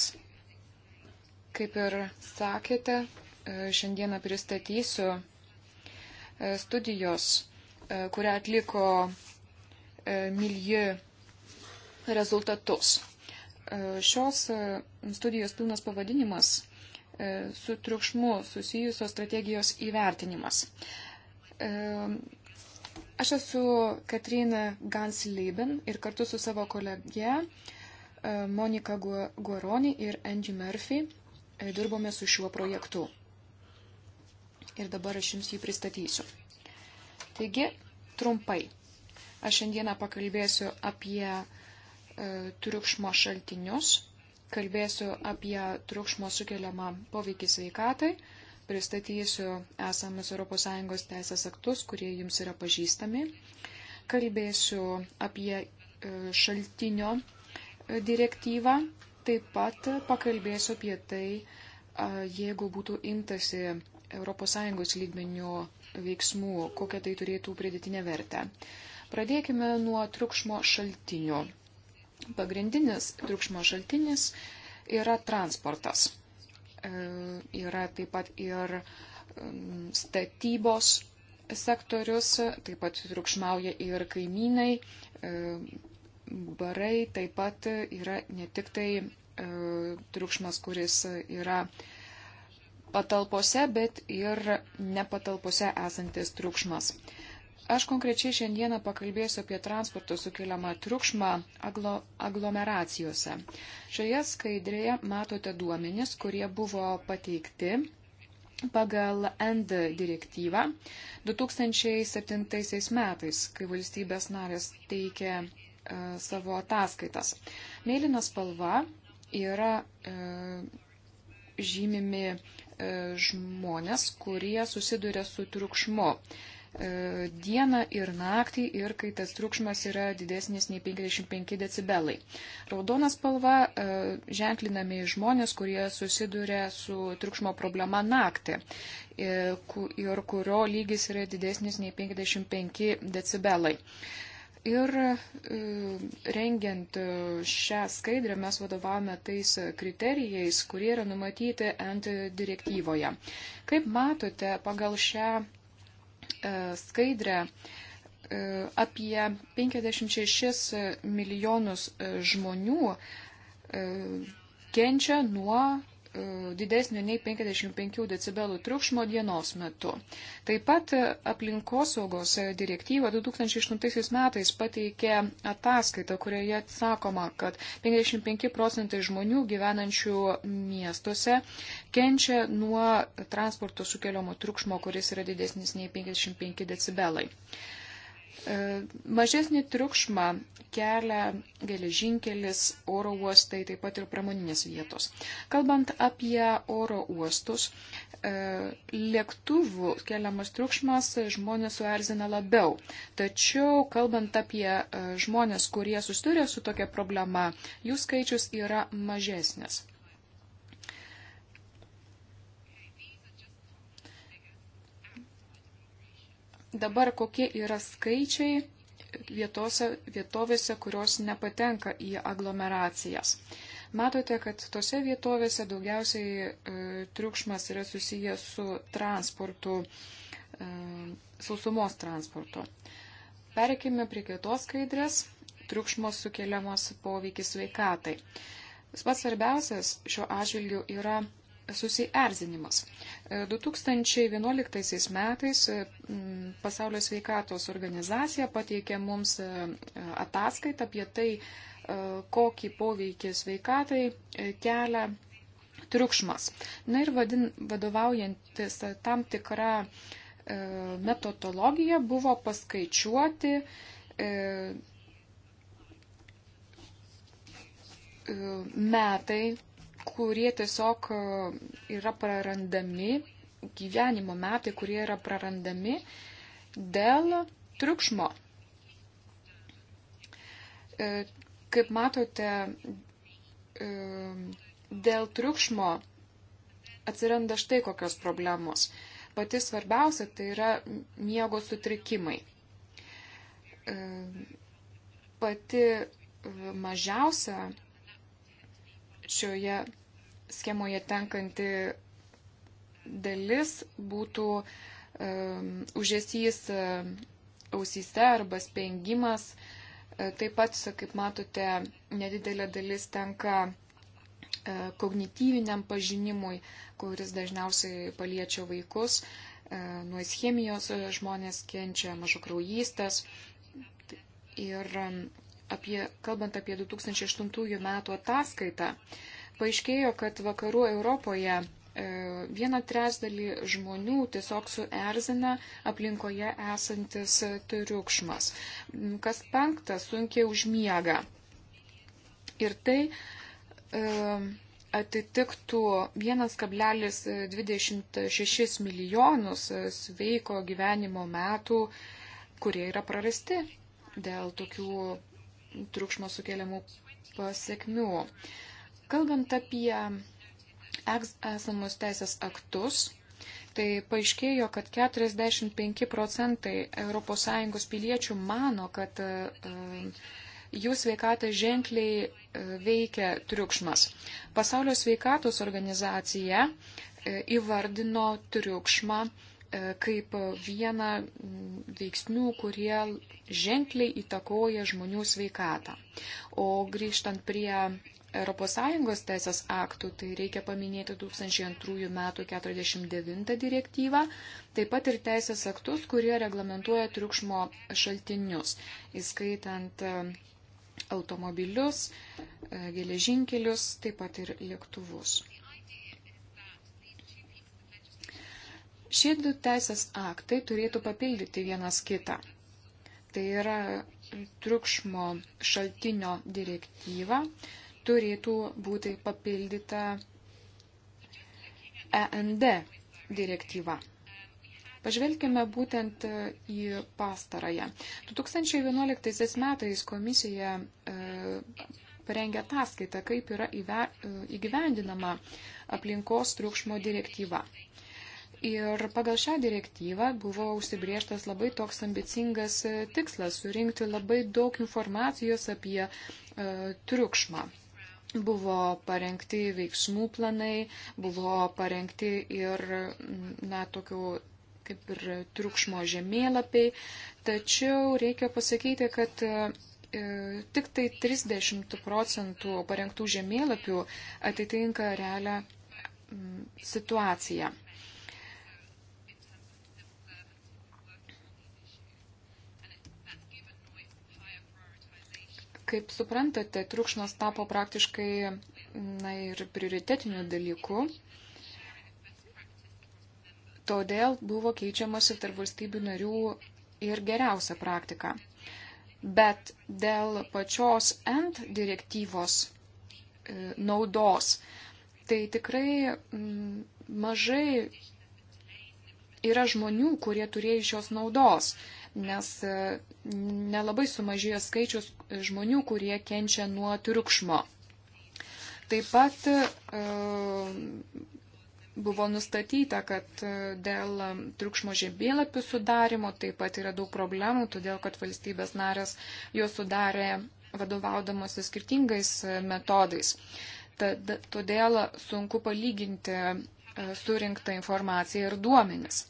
Kaip ir sakėte, e, šiandieną pristatysiu e, studijos, e, kurią atliko Milji rezultatus. Šios studijos pilnas pavadinimas su triukšmu susijusios strategijos įvertinimas. Aš esu Katrina Ganslieben ir kartu su savo kolege e, Monika Guaroni ir Angie Murphy e, dirbome su šiuo projektu. Ir dabar aš jums jį pristatysiu. Taigi, trumpai. Aš šiandieną pakalbėsiu apie e, triukšmo šaltinius, kalbėsiu apie triukšmo sukeliamą poveikį sveikatai, pristatysiu esamus ES teisės aktus, kurie jums yra pažįstami. Kalbėsiu apie e, šaltinio e, direktyvą, taip pat pakalbėsiu apie tai, e, jeigu būtų imtasi ES lygmenių veiksmų, kokią tai turėtų pridėtinę vertę. Pradėkime nuo triukšmo šaltinių. Pagrindinis triukšmo šaltinis yra transportas. E, yra taip pat ir statybos sektorius, taip pat triukšmauja ir kaimynai, e, barai, taip pat yra ne tik tai e, triukšmas, kuris yra patalpose, bet ir nepatalpose esantis triukšmas. Aš konkrečiai šiandieną pakalbėsiu apie transporto sukeliamą triukšmą aglo, aglomeracijose. Šioje skaidrėje matote duomenis, kurie buvo pateikti pagal END direktyvą 2007 metais, kai valstybės narės teikė e, savo ataskaitas. Mėlyna spalva yra e, žymimi e, žmonės, kurie susiduria su triukšmu. E, E, dieną ir naktį ir kai tas triukšmas yra didesnis nei 55 decibelai. Raudona spalva e, ženklinami žmonės, kurie susiduria su triukšmo problema naktį e, ir kurio lygis yra didesnis nei 55 decibelai. Ir rengiant šią skaidrę mes vadovavome tais kriterijais, kurie yra numatyti ant direktyvoje. Kaip matote, pagal šią E, skaidrę e, apie 56 milijonus e, žmonių kenčia nuo didesnio nei 55 decibelų triukšmo dienos metu. Taip pat aplinkosaugos direktyva 2008 metais pateikė ataskaitą, kurioje sakoma, kad 55 procentai žmonių gyvenančių miestuose kenčia nuo transporto sukeliamo triukšmo, kuris yra didesnis nei 55 decibelai. E, mažesnį triukšmą kelia geležinkelis, oro uostai, taip pat ir pramoninės vietos. Kalbant apie oro uostus, e, lėktuvų keliamas triukšmas žmonės suerzina labiau. Tačiau, kalbant apie e, žmonės, kurie susiduria su tokia problema, jų skaičius yra mažesnis. Dabar kokie yra skaičiai vietose, vietovėse, kurios nepatenka į aglomeracijas. Matote, kad tose vietovėse daugiausiai e, triukšmas yra susijęs su transportu, e, sausumos transportu. Perkime prie kitos skaidrės - triukšmo sukeliamos poveikis sveikatai. Pats svarbiausias šiuo atžvilgiu yra susierzinimas. 2011 e, metais e, Pasaulio sveikatos organizacija pateikė mums e, ataskaitą apie tai, kokį poveikį sveikatai kelia triukšmas. Na ir vadin, vadovaujantis tam tikra metodologija buvo paskaičiuoti metai kurie tiesiog e, yra prarandami, gyvenimo metai, kurie yra prarandami dėl triukšmo. E, kaip matote, e, dėl triukšmo atsiranda štai kokios problemos. Pati svarbiausia tai yra miego sutrikimai. Pati mažiausia šioje schemoje tenkanti dalis būtų um, užėsys um, ausyse arba spengimas. E, taip pat, kaip matote, nedidelė dalis tenka e, kognityviniam pažinimui, kuris dažniausiai paliečia vaikus. E, nuo ischemijos žmonės kenčia mažokraujystės. Ir apie, kalbant apie 2008 metų ataskaitą, paaiškėjo, kad vakarų Europoje e, vieną trečdalį žmonių tiesiog suerzina aplinkoje esantis triukšmas. Kas penktą sunkiai užmiega. Ir tai e, atitiktų 1,26 milijonus sveiko gyvenimo metų, kurie yra prarasti dėl tokių triukšmo sukeliamų pasiekmių. Kalbant apie esamus teisės aktus, tai paaiškėjo, kad 45 procentai ES piliečių mano, kad e, jų sveikatą ženkliai e, veikia triukšmas. Pasaulio sveikatos organizacija e, įvardino triukšmą E, kaip vieną veiksnių, kurie ženkliai įtakoja žmonių sveikatą. O grįžtant prie ES teisės aktų, tai reikia paminėti 2002 m. 49 direktyvą, taip pat ir teisės aktus, kurie reglamentuoja triukšmo šaltinius, įskaitant e, automobilius, e, geležinkelius, taip pat ir lėktuvus. Šie du teisės aktai turėtų papildyti vienas kitą. Tai yra triukšmo šaltinio direktyva turėtų būti papildyta END direktyva. Pažvelkime būtent į pastarąją. 2011 metais komisija e, parengė ataskaitą, kaip yra e, įgyvendinama aplinkos triukšmo direktyva. Ir pagal šią direktyvą buvo užsibrieštas labai toks ambicingas e, tikslas surinkti labai daug informacijos apie e, triukšmą. Buvo parengti veiksmų planai, buvo parengti ir, mm, na, tokių kaip ir triukšmo žemėlapiai, tačiau reikia pasakyti, kad e, e, tik tai 30 procentų parengtų žemėlapių atitinka realią mm, situaciją. Kaip suprantate, triukšmas tapo praktiškai na, ir prioritetiniu dalyku. Todėl buvo keičiamasi tarp valstybių narių ir geriausia praktika. Bet dėl pačios end direktyvos e, naudos, tai tikrai mm, mažai yra žmonių, kurie turėjo iš jos naudos nes e, nelabai sumažėjo skaičius žmonių, kurie kenčia nuo triukšmo. Taip pat e, buvo nustatyta, kad e, dėl triukšmo žemėlapių sudarimo taip pat yra daug problemų, todėl kad valstybės narės juos sudarė vadovaudamosi skirtingais metodais. Tad, todėl sunku palyginti surinktą informaciją ir duomenis.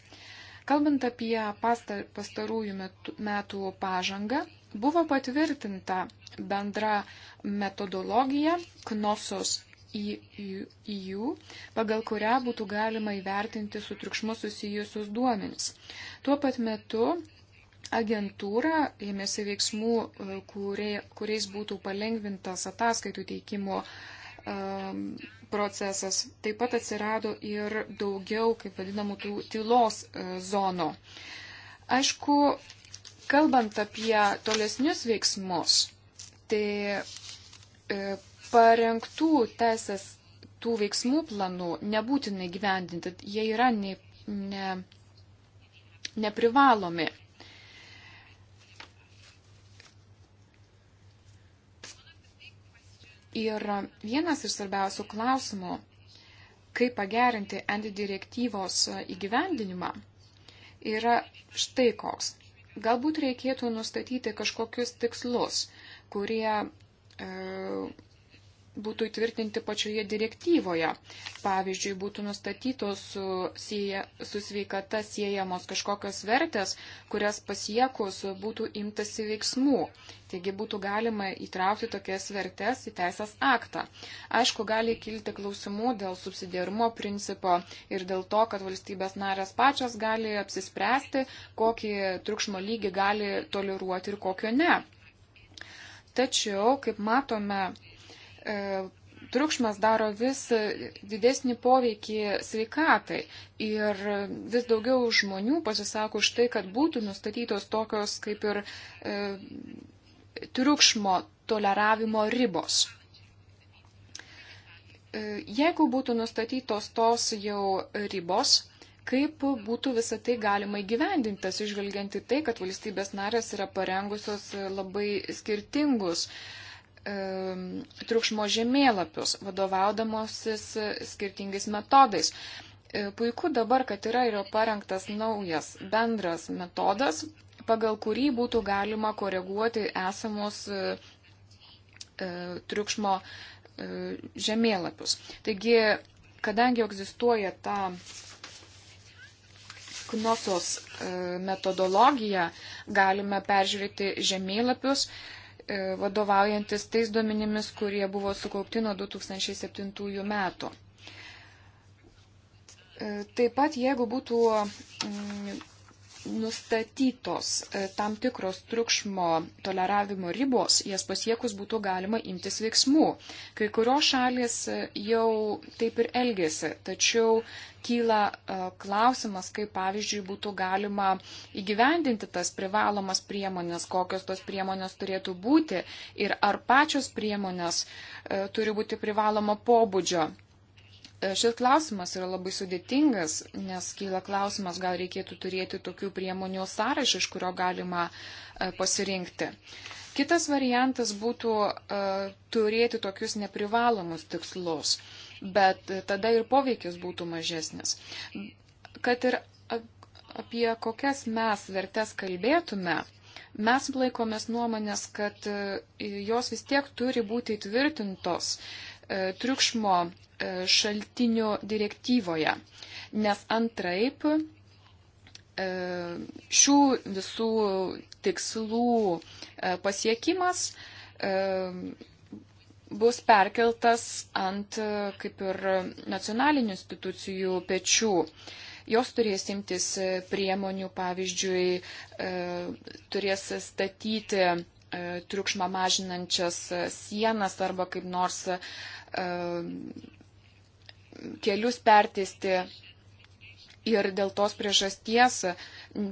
Kalbant apie pastarųjų metų pažangą, buvo patvirtinta bendra metodologija Knosos EU, pagal kurią būtų galima įvertinti su triukšmu susijusius duomenis. Tuo pat metu agentūra ėmėsi veiksmų, kurie, kuriais būtų palengvintas ataskaitų teikimo uh, Um, procesas. Taip pat atsirado ir daugiau, kaip vadinamų, tų tylos e, zonų. Aišku, kalbant apie tolesnius veiksmus, tai e, parengtų teisės tų veiksmų planų nebūtinai gyvendinti, jie yra ne, ne, neprivalomi. Ir vienas iš svarbiausių klausimų, kaip pagerinti ND direktyvos įgyvendinimą, yra štai koks. Galbūt reikėtų nustatyti kažkokius tikslus, kurie e, būtų įtvirtinti pačioje direktyvoje. Pavyzdžiui, būtų nustatytos su, sieja, su sveikata siejamos kažkokios vertės, kurias pasiekus būtų imtasi veiksmų. Taigi būtų galima įtraukti tokias vertės į teisės aktą. Aišku, gali kilti klausimų dėl subsidiarumo principo ir dėl to, kad valstybės narės pačios gali apsispręsti, kokį triukšmo lygį gali toleruoti ir kokio ne. Tačiau, kaip matome, E, triukšmas daro vis didesnį poveikį sveikatai ir vis daugiau žmonių pasisako už tai, kad būtų nustatytos tokios kaip ir e, triukšmo toleravimo ribos. E, jeigu būtų nustatytos tos jau ribos, kaip būtų visą tai galima įgyvendintas, išvelgiant į tai, kad valstybės narės yra parengusios labai skirtingus triukšmo žemėlapius, vadovaudamosis e, skirtingais metodais. E, puiku dabar, kad yra ir parengtas naujas bendras metodas, pagal kurį būtų galima koreguoti esamus e, triukšmo žemėlapius. Taigi, kadangi egzistuoja ta Knosos metodologija, galime peržiūrėti žemėlapius, E, vadovaujantis tais duomenimis, kurie buvo sukaupti nuo 2007 metų. E, taip pat, jeigu būtų mm, nustatytos e, tam tikros triukšmo toleravimo ribos, jas pasiekus būtų galima imtis veiksmų. Kai kurios šalis e, jau taip ir elgėsi, tačiau kyla e, klausimas, kaip pavyzdžiui būtų galima įgyvendinti tas privalomas priemonės, kokios tos priemonės turėtų būti ir ar pačios priemonės turi būti privaloma pobūdžio. E, šis klausimas yra labai sudėtingas, nes kyla klausimas, gal reikėtų turėti tokių priemonių sąrašą, iš kurio galima e, pasirinkti. Kitas variantas būtų e, turėti tokius neprivalomus tikslus, bet tada ir poveikis būtų mažesnis. Kad ir apie kokias mes vertes kalbėtume, mes laikomės nuomonės, kad jos vis tiek turi būti įtvirtintos triukšmo E, šaltinių direktyvoje, nes antraip e, šių visų tikslų e, pasiekimas bus perkeltas ant kaip ir nacionalinių institucijų pečių. Jos turės imtis priemonių, pavyzdžiui, turės statyti triukšmą mažinančias sienas arba kaip nors kelius pertisti. Ir dėl tos priežasties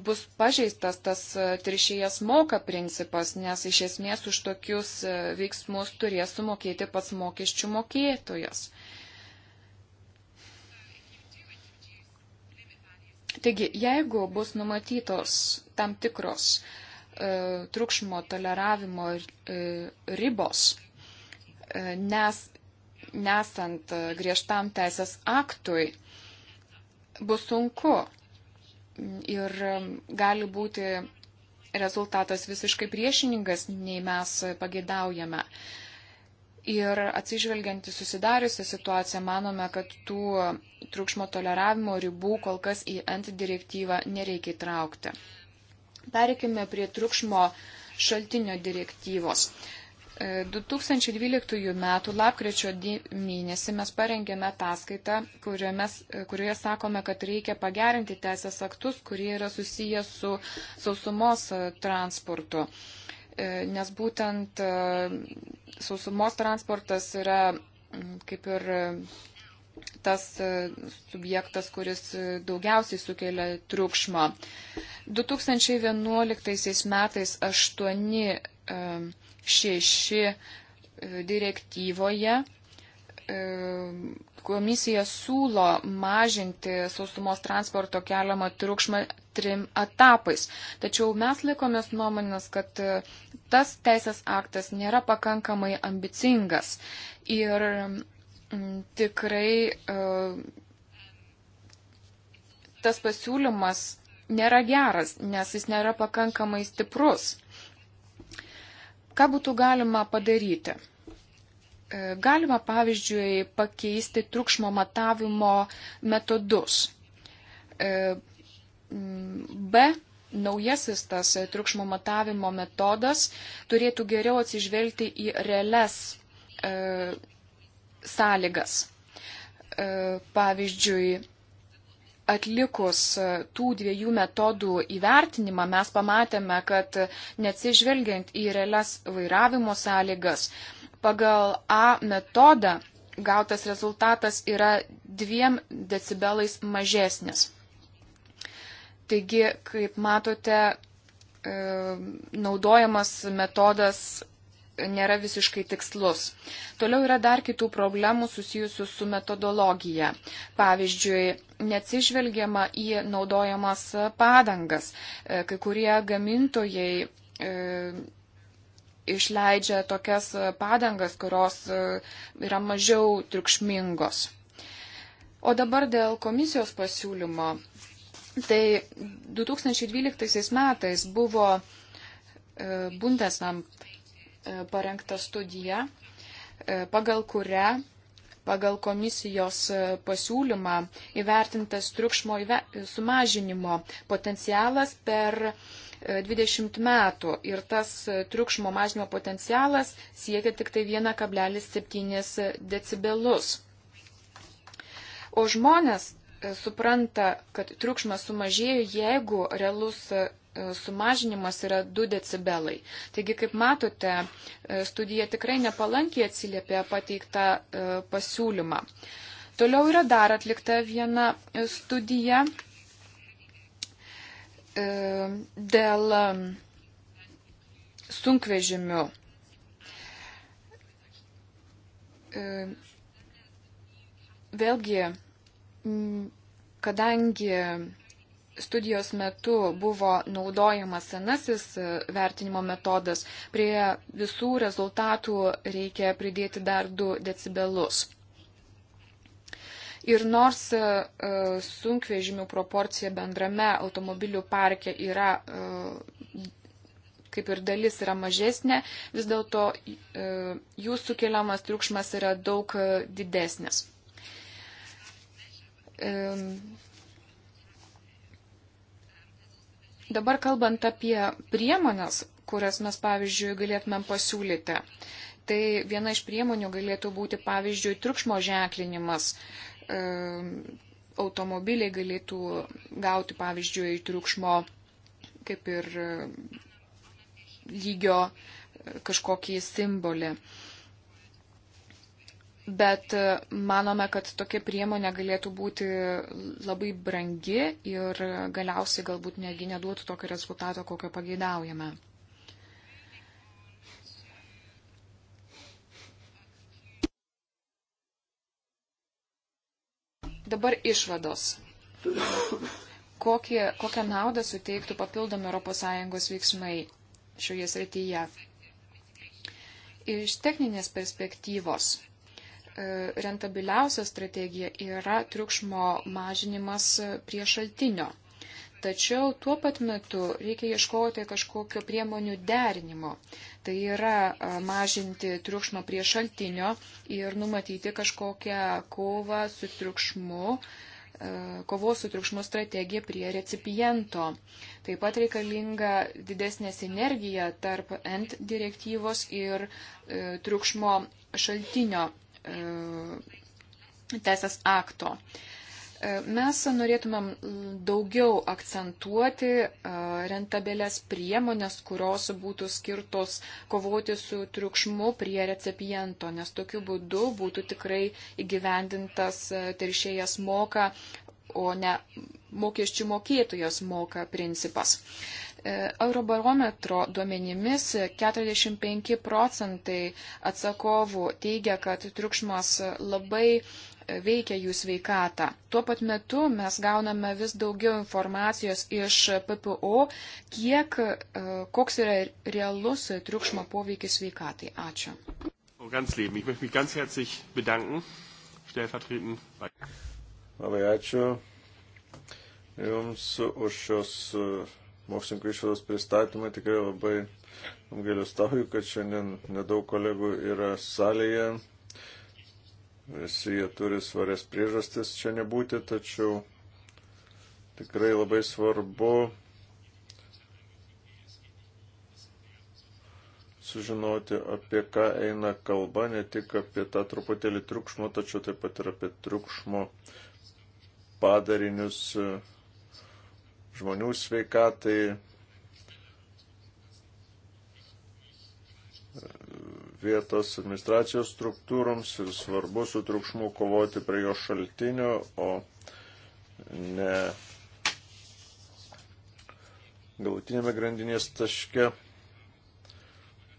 bus pažeistas tas e, trišėjas moka principas, nes iš esmės už tokius e, veiksmus turės sumokėti pats mokesčių mokėtojas. Taigi, jeigu bus numatytos tam tikros e, triukšmo toleravimo e, ribos, e, nes nesant griežtam teisės aktui, bus sunku ir gali būti rezultatas visiškai priešingas, nei mes pagėdaujame. Ir atsižvelgianti susidariusią situaciją, manome, kad tų triukšmo toleravimo ribų kol kas į antidirektyvą nereikia įtraukti. Pereikime prie triukšmo šaltinio direktyvos. 2012 e, m. lapkričio mėnesį mes parengėme ataskaitą, mes, kurioje sakome, kad reikia pagerinti teisės aktus, kurie yra susijęs su sausumos e, transportu. E, nes būtent sausumos transportas yra kaip ir tas subjektas, kuris daugiausiai sukelia triukšmą. 2011 metais 8 6 e, direktyvoje e, komisija siūlo mažinti sausumos transporto keliamą triukšmą trim etapais. Tačiau mes laikomės nuomonės, kad e, tas teisės aktas nėra pakankamai ambicingas ir tikrai tas pasiūlymas nėra geras, nes jis nėra pakankamai stiprus. Ką būtų galima padaryti? E, galima, pavyzdžiui, pakeisti triukšmo matavimo metodus. E, B. Naujasis tas triukšmo matavimo metodas turėtų geriau atsižvelgti į realias e, sąlygas. E, pavyzdžiui, Atlikus e, tų dviejų metodų įvertinimą mes pamatėme, kad neatsižvelgiant į realias vairavimo sąlygas, pagal A metodą gautas rezultatas yra dviem decibelais mažesnis. Taigi, kaip matote, e, naudojamas metodas nėra visiškai tikslus. Toliau yra dar kitų problemų susijusių su metodologija. Pavyzdžiui, neatsižvelgiama į naudojamas padangas. E, kai kurie gamintojai e, išleidžia tokias padangas, kurios e, yra mažiau triukšmingos. O dabar dėl komisijos pasiūlymo. Tai 2012 metais buvo Bundesnam E, parengta studija, e, pagal kurią pagal komisijos e, pasiūlymą įvertintas triukšmo įve sumažinimo potencialas per 20 metų ir tas triukšmo mažinimo potencialas siekia tik tai 1,7 decibelus. O žmonės supranta, kad triukšmas sumažėjo, jeigu realus sumažinimas yra 2 decibelai. Taigi, kaip matote, e, studija tikrai nepalankiai atsiliepė pateiktą e, pasiūlymą. Toliau yra dar atlikta viena e, studija dėl sunkvežimių. Vėlgi, kadangi studijos metu buvo naudojamas senasis e, vertinimo metodas, prie visų rezultatų reikia pridėti dar 2 decibelus. Ir nors e, e, sunkvežimių proporcija bendrame automobilių parke yra kaip ir dalis yra mažesnė, vis dėlto jų sukeliamas triukšmas yra daug didesnis. Dabar kalbant apie priemonės, kurias mes, pavyzdžiui, galėtumėm pasiūlyti, tai viena iš priemonių galėtų būti, pavyzdžiui, triukšmo ženklinimas. E, automobiliai galėtų gauti, pavyzdžiui, triukšmo kaip ir e, lygio e, kažkokį simbolį. E, Bet e, manome, kad tokia priemonė galėtų būti labai brangi ir galiausiai galbūt netgi neduotų tokio rezultato, kokio pageidaujame. Dabar išvados. Kokie, kokią naudą suteiktų papildomi ES veiksmai šioje srityje? Iš techninės perspektyvos E, rentabiliausia strategija yra triukšmo mažinimas e, prie šaltinio. Tačiau tuo pat metu reikia ieškoti kažkokio priemonių derinimo. Tai yra e, mažinti triukšmą prie šaltinio ir numatyti kažkokią kovą su triukšmu kovos su triukšmu strategija prie recipiento. Taip pat reikalinga didesnė sinergija tarp ENT direktyvos ir triukšmo šaltinio E, teisės akto. E, mes norėtumėm daugiau akcentuoti e, rentabilės priemonės, kurios būtų skirtos kovoti su triukšmu prie recipiento, nes tokiu būdu būtų tikrai įgyvendintas teršėjas moka, o ne mokesčių mokėtojas moka principas. Uh, E, Eurobarometro duomenimis 45 procentai atsakovų teigia, kad triukšmas labai veikia jų sveikatą. Tuo pat metu mes gauname vis daugiau informacijos iš PPO, kiek, e, koks yra realus triukšmo poveikis sveikatai. Ačiū. Labai ačiū Jums už šios mokslininkų išvados pristatymą. Tikrai labai apgailestauju, kad šiandien nedaug kolegų yra salėje. Visi jie turi svarės priežastis čia nebūti, tačiau tikrai labai svarbu sužinoti, apie ką eina kalba, ne tik apie tą truputėlį triukšmo, tačiau taip pat ir apie triukšmo padarinius žmonių sveikatai, vietos administracijos struktūroms ir svarbu su triukšmu kovoti prie jo šaltinio, o ne galutinėme grandinės taške.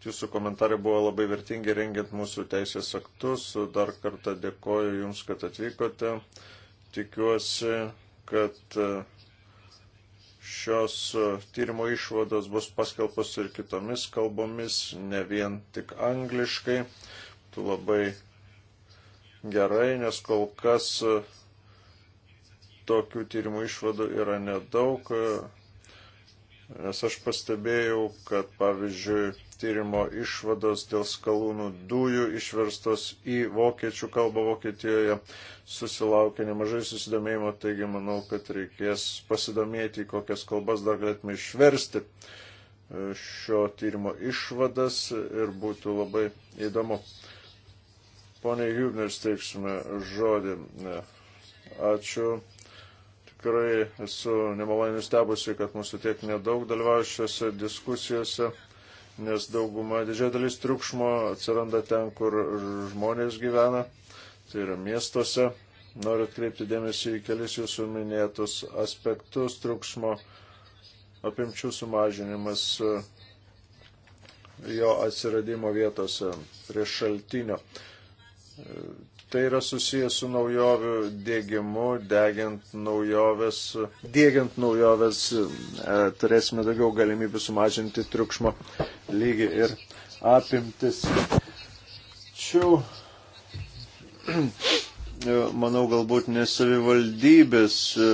Jūsų komentarai buvo labai vertingi rengiant mūsų teisės aktus. Dar kartą dėkoju Jums, kad atvykote. Tikiuosi, kad uh, Šios e, tyrimo išvados bus paskelbtos ir kitomis kalbomis, ne vien tik angliškai. Tu labai gerai, nes kol kas e, tokių tyrimų išvadų yra nedaug, e, nes aš pastebėjau, kad pavyzdžiui, tyrimo išvados dėl skalūnų dujų išverstos į vokiečių kalbą Vokietijoje susilaukė nemažai susidomėjimo, taigi manau, kad reikės pasidomėti, kokias kalbas dar galėtume išversti e, šio tyrimo išvadas ir būtų labai įdomu. Pone Hübner, steiksime žodį. E, ačiū tikrai esu nemaloniai nustebusi, kad mūsų tiek nedaug dalyvauja šiuose diskusijose nes dauguma, didžioji dalis triukšmo atsiranda ten, kur žmonės gyvena, tai yra miestuose. Noriu atkreipti dėmesį į kelis jūsų minėtus aspektus triukšmo apimčių sumažinimas e, jo atsiradimo vietose prie šaltinio. E, Tai yra susijęs su naujovių dėgymu, degiant naujoves, dėgiant naujoves e, turėsime daugiau galimybių sumažinti triukšmo lygį ir apimtis. Tačiau, e, manau, galbūt nesavivaldybės, e,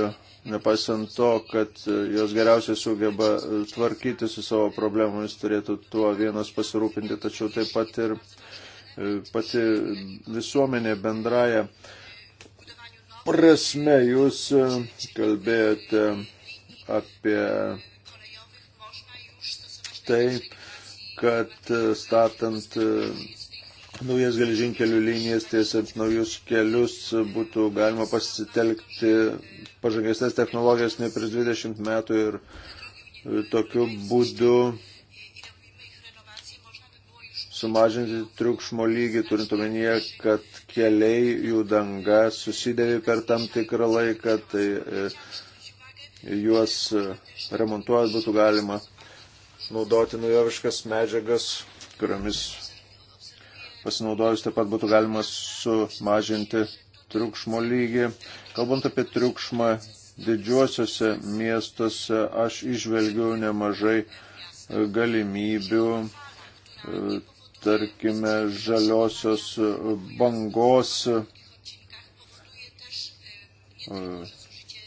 nepaisant to, kad jos geriausiai sugeba tvarkyti su savo problemomis, turėtų tuo vienas pasirūpinti, tačiau taip pat ir pati visuomenė bendraja prasme. Jūs e, kalbėjote apie tai, kad e, statant e, naujas geležinkelių linijas, tiesiant naujus kelius, būtų galima pasitelkti pažangesnės technologijas nei prieš 20 metų ir tokiu būdu sumažinti triukšmo lygį, turint omenyje, kad keliai jų danga susidėvi per tam tikrą laiką, tai e, juos e, remontuojant būtų galima naudoti naujoviškas medžiagas, kuriomis pasinaudojus taip pat būtų galima sumažinti triukšmo lygį. Kalbant apie triukšmą didžiuosiuose miestuose, aš išvelgiu nemažai e, galimybių tarkime, žaliosios bangos e,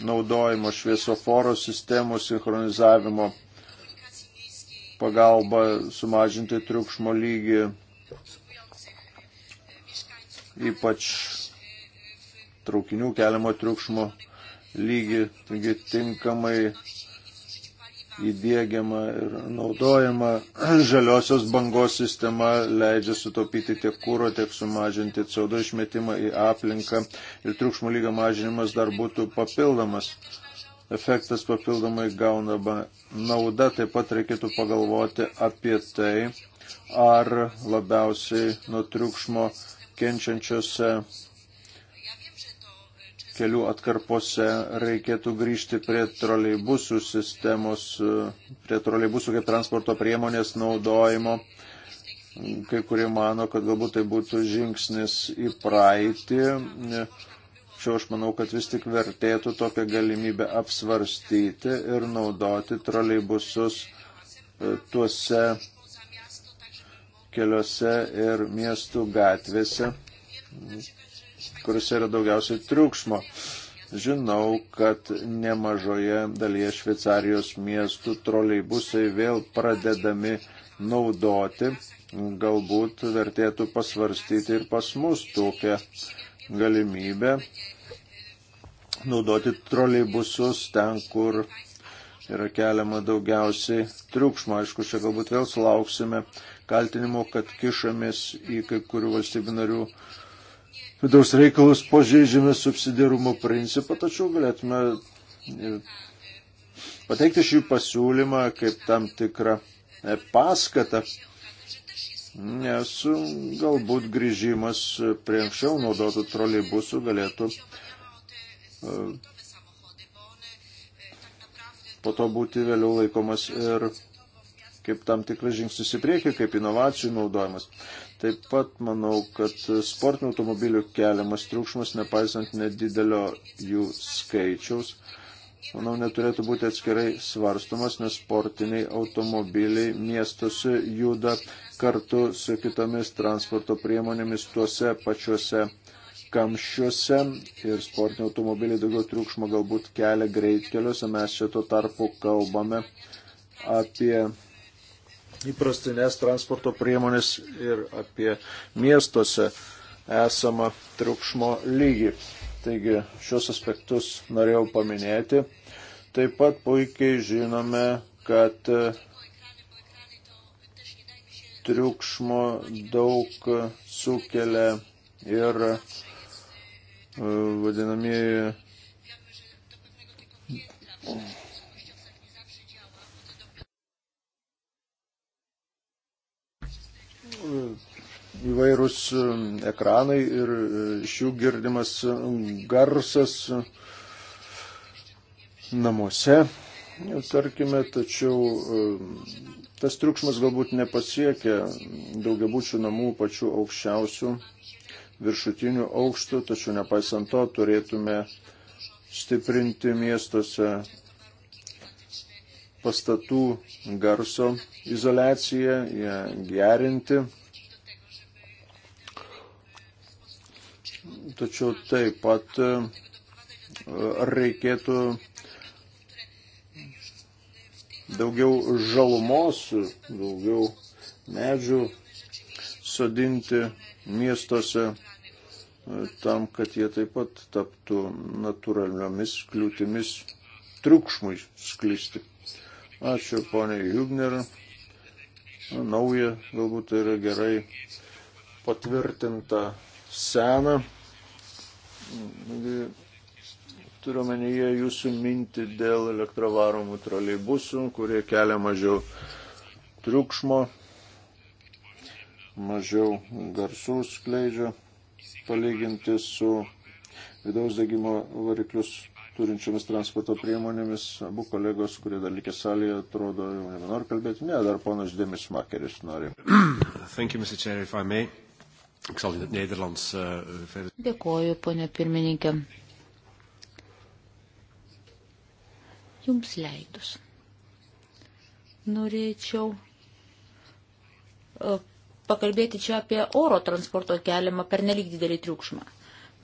naudojimo šviesoforo sistemų sinchronizavimo pagalba sumažinti triukšmo lygį, ypač traukinių keliamo triukšmo lygį, taigi tinkamai įdėgiama ir naudojama <clears throat> žaliosios bangos sistema leidžia sutaupyti tiek kūro, tiek sumažinti CO2 išmetimą į aplinką ir triukšmų lygio mažinimas dar būtų papildomas. Efektas papildomai gaunama nauda, taip pat reikėtų pagalvoti apie tai, ar labiausiai nuo triukšmo kenčiančiose kelių atkarpose reikėtų grįžti prie troleibusų sistemos, e, prie troleibusų kaip transporto priemonės naudojimo. Kai kurie mano, kad galbūt tai būtų žingsnis į praeitį. Tačiau e, aš manau, kad vis tik vertėtų tokią galimybę apsvarstyti ir naudoti troleibusus e, tuose keliuose ir miestų gatvėse, kuriuose yra daugiausiai triukšmo. Žinau, kad nemažoje dalyje Šveicarijos miestų troleibusai vėl pradedami naudoti. Galbūt vertėtų pasvarstyti ir pas mus tokią galimybę naudoti troleibusus ten, kur yra keliama daugiausiai triukšmo. Aišku, čia galbūt vėl sulauksime kaltinimo, kad kišamės į kai kurių valstybių narių vidaus reikalus pažeidžiame subsidiarumo principą, tačiau galėtume e, pateikti šį pasiūlymą kaip tam tikrą e, paskatą, nes e, galbūt grįžimas prie anksčiau naudotų trolejbusų galėtų po to būti vėliau laikomas ir kaip tam tikras žingsnis į priekį, kaip inovacijų naudojimas. Taip pat manau, kad sportinių automobilių keliamas triukšmas, nepaisant nedidelio jų skaičiaus, manau, neturėtų būti atskirai svarstomas, nes sportiniai automobiliai miestuose juda kartu su kitomis transporto priemonėmis tuose pačiuose kamščiuose ir sportiniai automobiliai daugiau triukšmo galbūt kelia greitkeliuose, mes čia tuo tarpu kalbame apie įprastinės transporto priemonės ir apie miestuose esamą triukšmo lygį. Taigi šios aspektus norėjau paminėti. Taip pat puikiai žinome, kad e, triukšmo daug sukelia ir e, vadinamieji E, įvairūs e, ekranai ir e, iš jų girdimas garsas namuose, tarkime, tačiau tas triukšmas galbūt nepasiekia daugiabučių namų pačių aukščiausių viršutinių aukštų, tačiau nepaisant to turėtume stiprinti miestuose pastatų garso izolaciją, ją gerinti. Tačiau taip pat e, reikėtų daugiau žalumos, daugiau medžių sodinti miestuose e, tam, kad jie taip pat taptų natūraliomis kliūtimis triukšmui sklisti. Ačiū poniai Hübner. Nauja, galbūt tai yra gerai patvirtinta sena. Turiu menyje jūsų mintį dėl elektrovaromų troleibusų, kurie kelia mažiau triukšmo, mažiau garsų skleidžia, palyginti su vidaus degimo variklius turinčiomis transporto priemonėmis. Abu kolegos, kurie dar likė salėje, atrodo, jau nebenori kalbėti. Ne, dar ponas Dėmis Makeris nori. Uh, Dėkoju, ponė pirmininkė. Jums leidus. Norėčiau uh, pakalbėti čia apie oro transporto keliamą per nelik didelį triukšmą.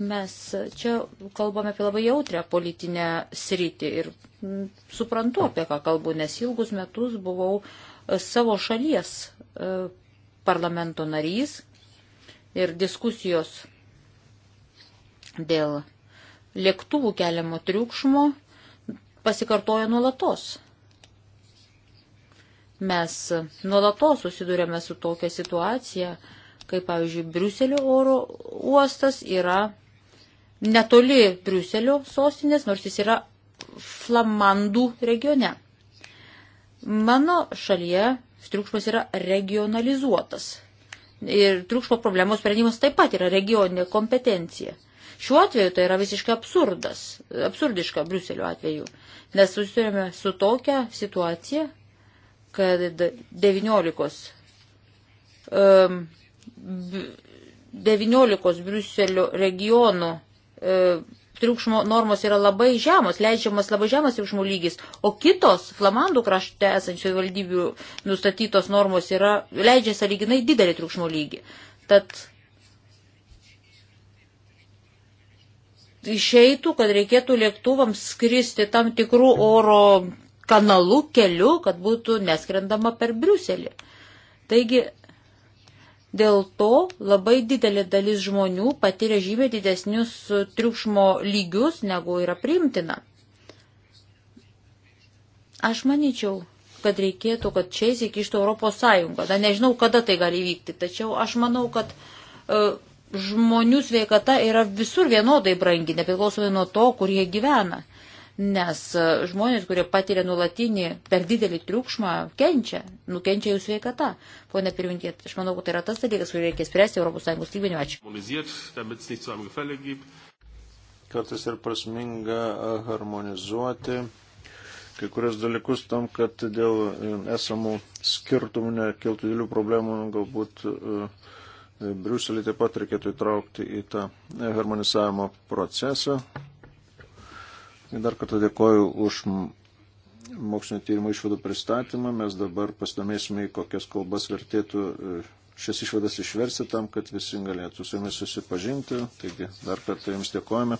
Mes čia kalbame apie labai jautrę politinę sritį ir suprantu, apie ką kalbu, nes ilgus metus buvau e, savo šalies e, parlamento narys ir diskusijos dėl lėktuvų keliamo triukšmo pasikartoja nuolatos. Mes nuolatos susidurėme su tokia situacija, kai, pavyzdžiui, Briuselio oro uostas yra netoli Briuselio sostinės, nors jis yra Flamandų regione. Mano šalyje triukšmas yra regionalizuotas. Ir triukšmo problemos sprendimas taip pat yra regioninė kompetencija. Šiuo atveju tai yra visiškai absurdas, absurdiška Briuselio atveju, nes susidurėme su tokia situacija, kad 19 um, 19 Briuselio regionų E, triukšmo normos yra labai žemos, leidžiamas labai žemas triukšmų lygis, o kitos Flamandų krašte esančių valdybių nustatytos normos yra, leidžia saliginai didelį triukšmų lygį. Tad išeitų, kad reikėtų lėktuvams skristi tam tikrų oro kanalų keliu, kad būtų neskrendama per Briuselį. Taigi Dėl to labai didelė dalis žmonių patiria žymiai didesnius e, triukšmo lygius, negu yra priimtina. Aš manyčiau, kad reikėtų, kad čia įsikištų Europos Sąjunga. Na, nežinau, kada tai gali vykti, tačiau aš manau, kad uh, žmonių sveikata yra visur vienodai brangi, nepriklausomai nuo to, kur jie gyvena nes e, žmonės, kurie patiria nulatinį per didelį triukšmą, kenčia, nukenčia jų sveikata. Pone pirminkė, aš manau, kad tai yra tas dalykas, kurį reikia spręsti ES lygmeniu. Ačiū. Kartais ir prasminga harmonizuoti kai kurias dalykus tam, kad dėl e, esamų skirtumų nekiltų dėlių problemų galbūt e, Briuselį taip pat reikėtų įtraukti į tą harmonizavimo procesą. Dar kartą dėkoju už mokslinio tyrimo išvadų pristatymą. Mes dabar pasidomėsime, į kokias kalbas vertėtų e, šias išvadas išversti tam, kad visi galėtų su jomis susipažinti. Taigi dar kartą Jums dėkojame.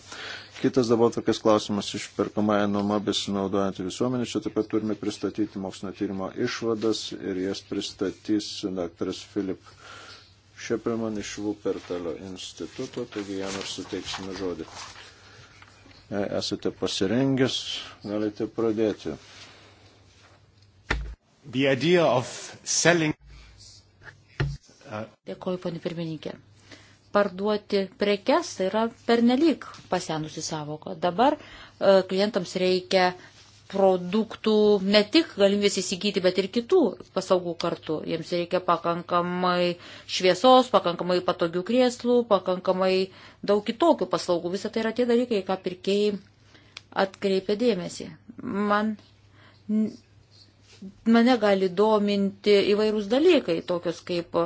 Kitas dabar tokias klausimas iš perkamąją nuomą besinaudojantį visuomenį. Čia taip pat turime pristatyti mokslinio tyrimo išvadas ir jas pristatys daktaras Filip Šeperman iš Vupertalio instituto. Taigi jam ir suteiksime žodį. E, esate pasirengęs, galite pradėti. Selling... Dėkoju, pani pirmininkė. Parduoti prekes tai yra pernelyg pasenusi savoka. Dabar e, klientams reikia produktų ne tik galimybės įsigyti, bet ir kitų paslaugų kartu. Jiems reikia pakankamai šviesos, pakankamai patogių krėslų, pakankamai daug kitokių paslaugų. Visą tai yra tie dalykai, ką pirkėjai atkreipia dėmesį. Man, mane gali dominti įvairūs dalykai, tokios kaip e,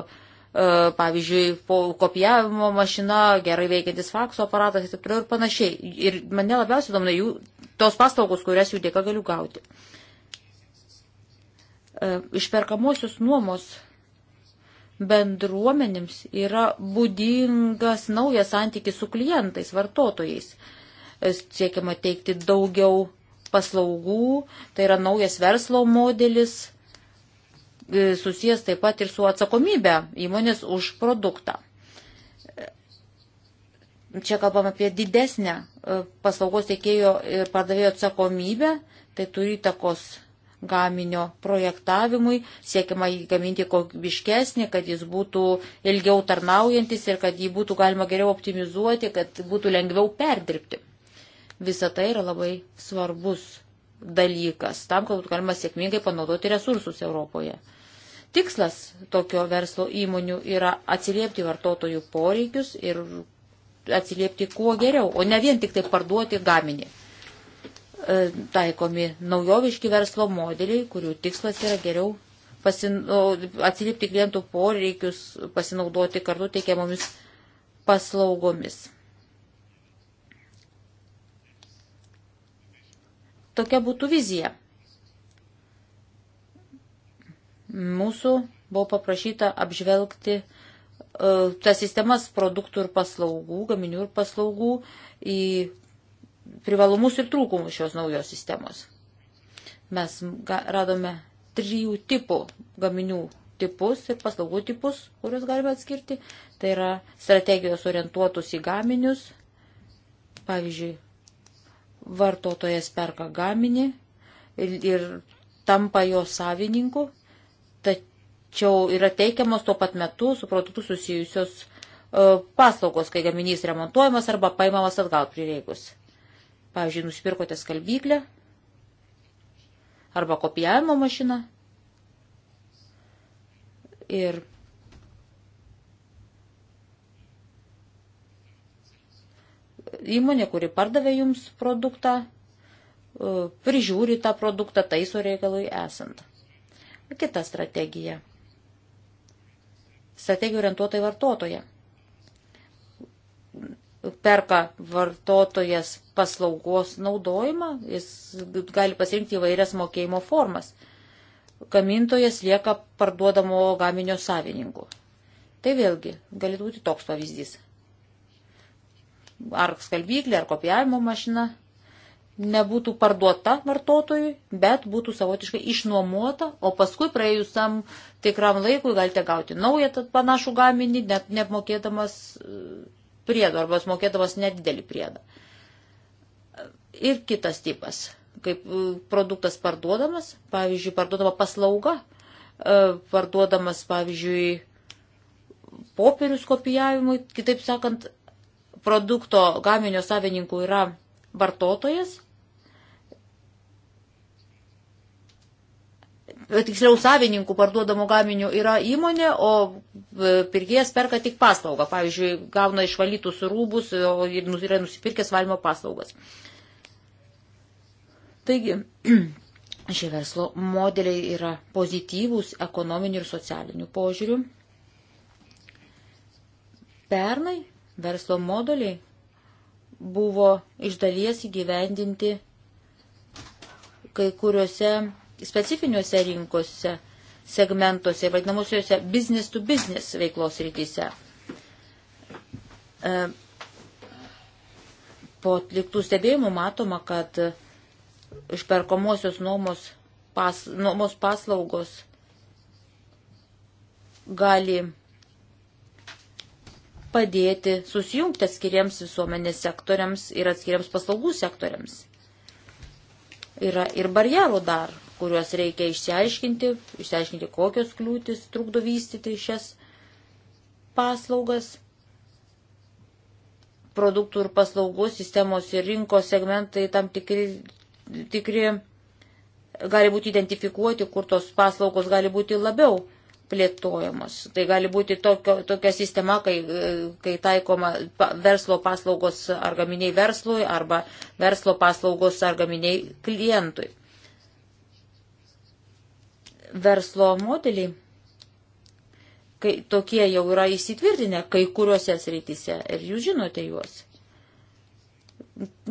pavyzdžiui, kopijavimo mašina, gerai veikiantis fakso aparatas ir taip toliau ir panašiai. Ir mane labiausiai domina jų tos paslaugos, kurias jų dėka galiu gauti. E, išperkamosios nuomos bendruomenėms yra būdingas naujas santykis su klientais, vartotojais. E, siekiama teikti daugiau paslaugų, tai yra naujas verslo modelis, e, susijęs taip pat ir su atsakomybė įmonės už produktą. Čia kalbam apie didesnę paslaugos teikėjo ir pardavėjo atsakomybę, tai turi įtakos gaminio projektavimui, siekiama jį gaminti kokybiškesnį, kad jis būtų ilgiau tarnaujantis ir kad jį būtų galima geriau optimizuoti, kad būtų lengviau perdirbti. Visa tai yra labai svarbus dalykas tam, kad būtų galima sėkmingai panaudoti resursus Europoje. Tikslas tokio verslo įmonių yra atsiliepti vartotojų poreikius ir atsiliepti kuo geriau, o ne vien tik tai parduoti gaminį. E, taikomi naujoviški verslo modeliai, kurių tikslas yra geriau atsiliepti klientų poreikius, pasinaudoti kartu teikiamomis paslaugomis. Tokia būtų vizija. Mūsų buvo paprašyta apžvelgti E, tas sistemas produktų ir paslaugų, gaminių ir paslaugų į privalumus ir trūkumus šios naujos sistemos. Mes radome trijų tipų gaminių tipus ir paslaugų tipus, kuriuos galime atskirti. Tai yra strategijos orientuotus į gaminius. Pavyzdžiui, vartotojas perka gaminį ir, ir tampa jo savininku, tačiau tačiau yra teikiamos tuo pat metu su produktu susijusios e, paslaugos, kai gaminys remontuojamas arba paimamas atgal prireikus. Pavyzdžiui, nusipirkote skalbyklę arba kopijavimo mašiną ir įmonė, kuri pardavė jums produktą, e, prižiūri tą produktą taiso reikalui esant. Kita strategija strategijų orientuota į vartotoją. Perka vartotojas paslaugos naudojimą, jis gali pasirinkti įvairias mokėjimo formas. Gamintojas lieka parduodamo gaminio savininku. Tai vėlgi galėtų būti toks pavyzdys. Ar skalbyklė, ar kopijavimo mašina nebūtų parduota vartotojui, bet būtų savotiškai išnuomota, o paskui praėjus tam tikram laikui galite gauti naują panašų gaminį, net neapmokėdamas e, priedo arba mokėdamas nedidelį priedą. Ir kitas tipas, kaip e, produktas parduodamas, pavyzdžiui, parduodama paslauga, e, parduodamas, pavyzdžiui, popierius kopijavimui, kitaip sakant, produkto gaminio savininkų yra vartotojas, E, tiksliau savininkų parduodamų gaminių yra įmonė, o e, pirkėjas perka tik paslaugą. Pavyzdžiui, gauna išvalytus rūbus ir yra nusipirkęs valymo paslaugas. Taigi, <clears throat> šie verslo modeliai yra pozityvūs ekonominių ir socialinių požiūrių. Pernai verslo modeliai buvo iš dalies įgyvendinti kai kuriuose specifiniuose rinkose segmentuose, vadinamusiuose business to business veiklos rytise. E, po atliktų stebėjimų matoma, kad išperkomosios nuomos, pas, nuomos paslaugos gali padėti susijungti atskiriems visuomenės sektoriams ir atskiriems paslaugų sektoriams. Yra ir barjerų dar kuriuos reikia išsiaiškinti, išsiaiškinti, kokios kliūtis trukdo vystyti šias paslaugas, produktų ir paslaugų sistemos ir rinkos segmentai tam tikri, tikri gali būti identifikuoti, kur tos paslaugos gali būti labiau plėtojamos. Tai gali būti tokio, tokia sistema, kai, kai taikoma verslo paslaugos ar gaminiai verslui arba verslo paslaugos ar gaminiai klientui verslo modeliai, kai tokie jau yra įsitvirtinę kai kuriuose srityse ir jūs žinote juos.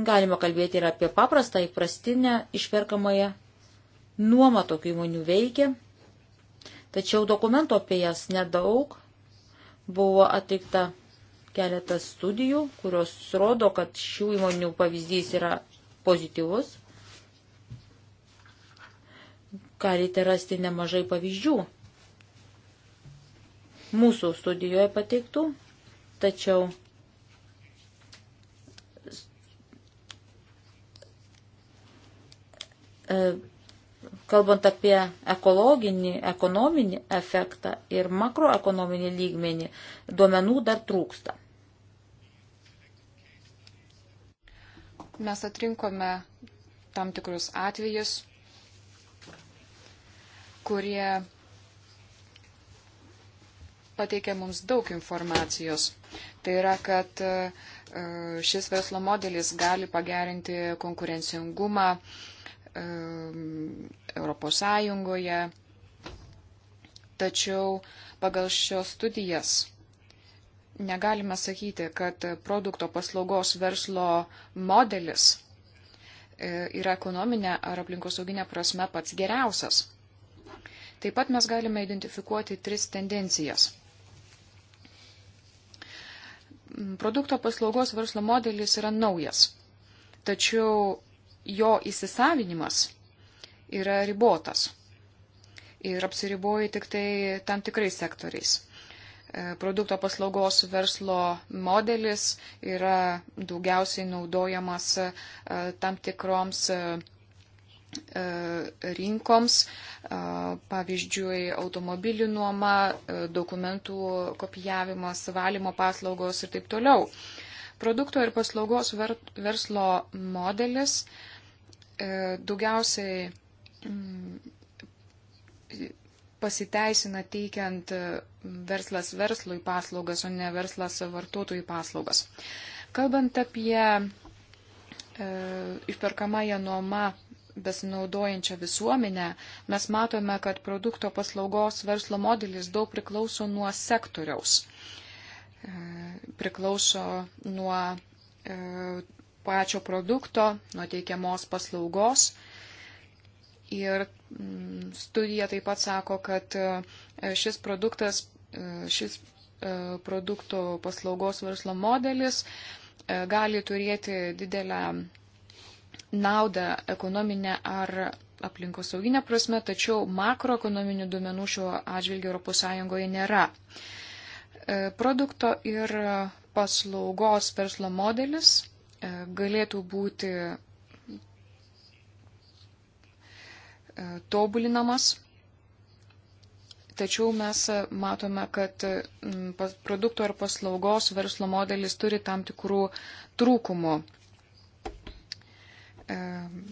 Galima kalbėti ir apie paprastą įprastinę išperkamąją nuomą tokių įmonių veikia, tačiau dokumento apie jas nedaug. Buvo atlikta keletas studijų, kurios rodo, kad šių įmonių pavyzdys yra pozityvus galite rasti nemažai pavyzdžių mūsų studijoje pateiktų, tačiau e, kalbant apie ekologinį, ekonominį efektą ir makroekonominį lygmenį, duomenų dar trūksta. Mes atrinkome tam tikrus atvejus, kurie pateikė mums daug informacijos. Tai yra, kad e, šis verslo modelis gali pagerinti konkurencingumą e, Europos Sąjungoje. Tačiau pagal šios studijas negalime sakyti, kad produkto paslaugos verslo modelis e, yra ekonominė ar aplinkosauginė prasme pats geriausias. Taip pat mes galime identifikuoti tris tendencijas. Produkto paslaugos verslo modelis yra naujas, tačiau jo įsisavinimas yra ribotas ir apsiriboja tik tai tam tikrais sektoriais. E, produkto paslaugos verslo modelis yra daugiausiai naudojamas e, tam tikroms e, E, rinkoms, e, pavyzdžiui, automobilių nuoma, e, dokumentų kopijavimas, valymo paslaugos ir taip toliau. Produkto ir paslaugos verslo modelis daugiausiai mm, pasiteisina teikiant verslas verslui paslaugas, o ne verslas vartotojui paslaugas. Kalbant apie e, išperkamąją nuomą besinaudojančią visuomenę, mes matome, kad produkto paslaugos verslo modelis daug priklauso nuo sektoriaus, e, priklauso nuo e, pačio produkto, nuo teikiamos paslaugos. Ir mm, studija taip pat sako, kad e, šis produktas, šis produkto paslaugos verslo modelis gali turėti didelę naudą ekonominę ar aplinkosauginę prasme, tačiau makroekonominių duomenų šiuo atžvilgiu ES nėra. E, produkto ir paslaugos verslo modelis e, galėtų būti e, tobulinamas, tačiau mes matome, kad produkto ar paslaugos verslo modelis turi tam tikrų trūkumų. Ehm,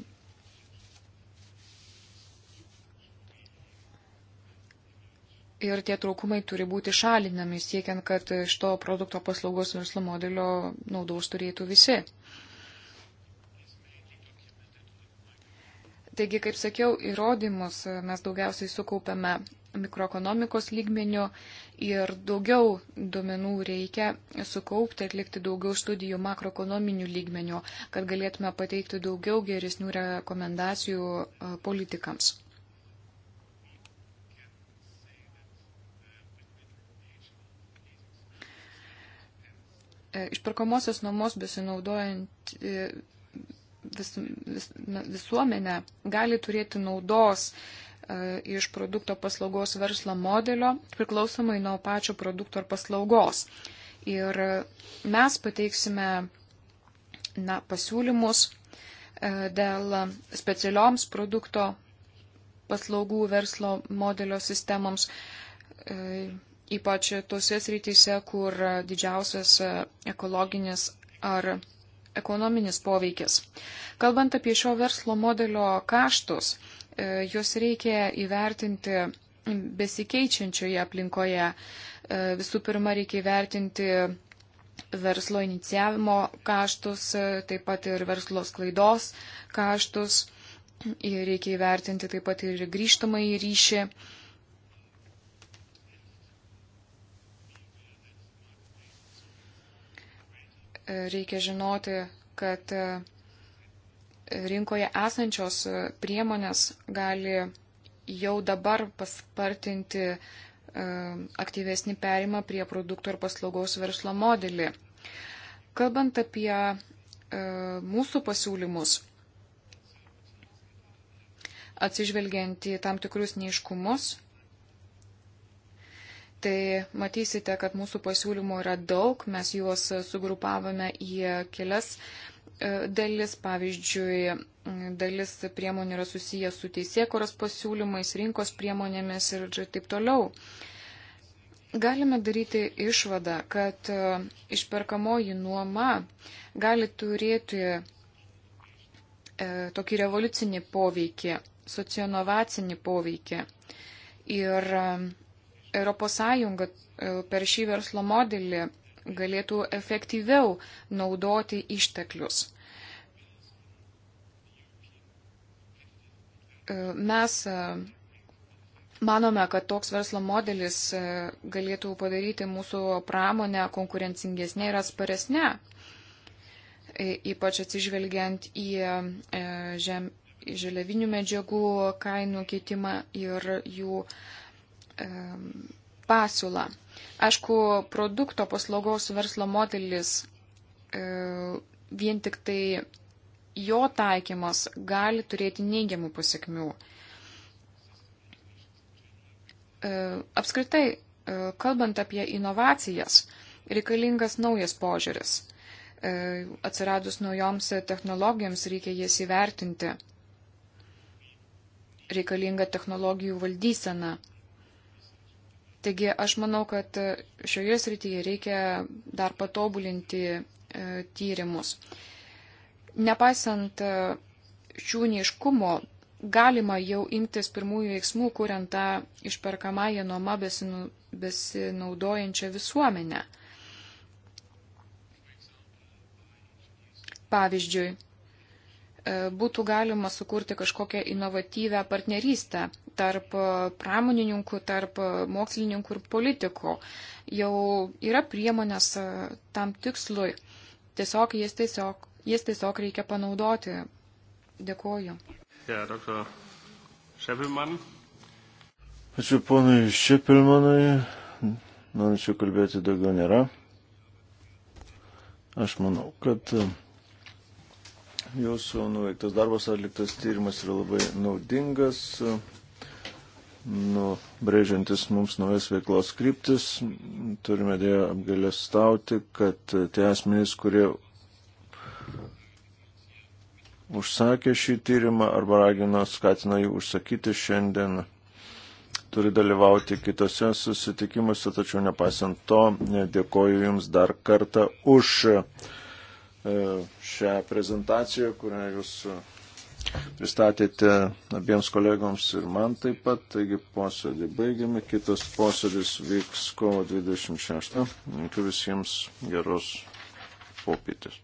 ir tie trūkumai turi būti šalinami, siekiant, kad iš to produkto paslaugos verslo modelio naudos turėtų visi. Uh, Taigi, kaip sakiau, įrodymus mes daugiausiai sukaupiame mikroekonomikos lygmenių ir daugiau duomenų reikia sukaupti, atlikti daugiau studijų makroekonominių lygmenių, kad galėtume pateikti daugiau geresnių rekomendacijų e, politikams. E, Išparkomosios nuomos besinaudojant vis, vis, visuomenė gali turėti naudos e, iš produkto paslaugos verslo modelio priklausomai nuo pačio produkto ar paslaugos. Ir mes pateiksime na, pasiūlymus e, dėl specialioms produkto paslaugų verslo modelio sistemoms, e, ypač tose srityse, kur didžiausias e, ekologinis ar ekonominis poveikis. Kalbant apie šio verslo modelio kaštus, e, juos reikia įvertinti besikeičiančioje aplinkoje. E, visų pirma, reikia įvertinti verslo inicijavimo kaštus, e, taip pat ir verslo sklaidos kaštus. Ir reikia įvertinti taip pat ir grįžtamą į ryšį. reikia žinoti, kad e, rinkoje esančios e, priemonės gali jau dabar paspartinti e, aktyvesnį perimą prie produktų ir paslaugaus verslo modelį. Kalbant apie mūsų pasiūlymus, atsižvelgiant į tam tikrus neiškumus, tai matysite, kad mūsų pasiūlymų yra daug, mes juos sugrupavome į kelias e, dalis, pavyzdžiui, dalis priemonių yra susijęs su teisėkoros pasiūlymais, rinkos priemonėmis ir taip toliau. Galime daryti išvadą, kad e, išperkamoji nuoma gali turėti e, tokį revoliucinį poveikį, socionovacinį poveikį. Ir e, ES e, per šį verslo modelį galėtų efektyviau naudoti išteklius. E, mes e, manome, kad toks verslo modelis galėtų padaryti mūsų pramonę konkurencingesnė ir atsparesnė, ypač atsižvelgiant į žem, žaliavinių medžiagų kainų keitimą ir jų uh, pasiūlą. Aišku, produkto paslaugos verslo modelis e, vien tik tai jo taikymas gali turėti neigiamų pasiekmių. E, apskritai, e, kalbant apie inovacijas, reikalingas naujas požiūris. Atsiradus naujoms technologijoms reikia jas įvertinti. Reikalinga technologijų valdysena. Taigi aš manau, kad e, šioje srityje reikia dar patobulinti e, tyrimus. Nepaisant e, šių neiškumo, galima jau imtis pirmųjų veiksmų, kuriant tą išperkamąją nuomą besinaudojančią visuomenę. Pavyzdžiui, E, būtų galima sukurti kažkokią inovatyvę partnerystę tarp e, pramonininkų, tarp e, mokslininkų ir politikų. Jau yra priemonės tam tikslui. Tiesiog jas tiesiog, jas tiesiog reikia panaudoti. Dėkuoju. Ja, dr. Šepilman. Ačiū ponui Šepilmanui. Norinčių kalbėti daugiau nėra. Aš manau, kad Jūsų nuveiktas darbas atliktas tyrimas yra labai naudingas, nubrėžiantis mums naujas veiklos kryptis. Turime dėja apgalėstauti, kad tie asmenys, kurie užsakė šį tyrimą arba ragino, skatino jį užsakyti šiandien turi dalyvauti kitose susitikimuose, tačiau nepaisant to, dėkoju Jums dar kartą už E, šią prezentaciją, kurią jūs pristatėte abiems kolegoms ir man taip pat. Taigi posėdį baigiame. Kitas posėdis vyks kovo 26. Linkiu visiems geros popietės.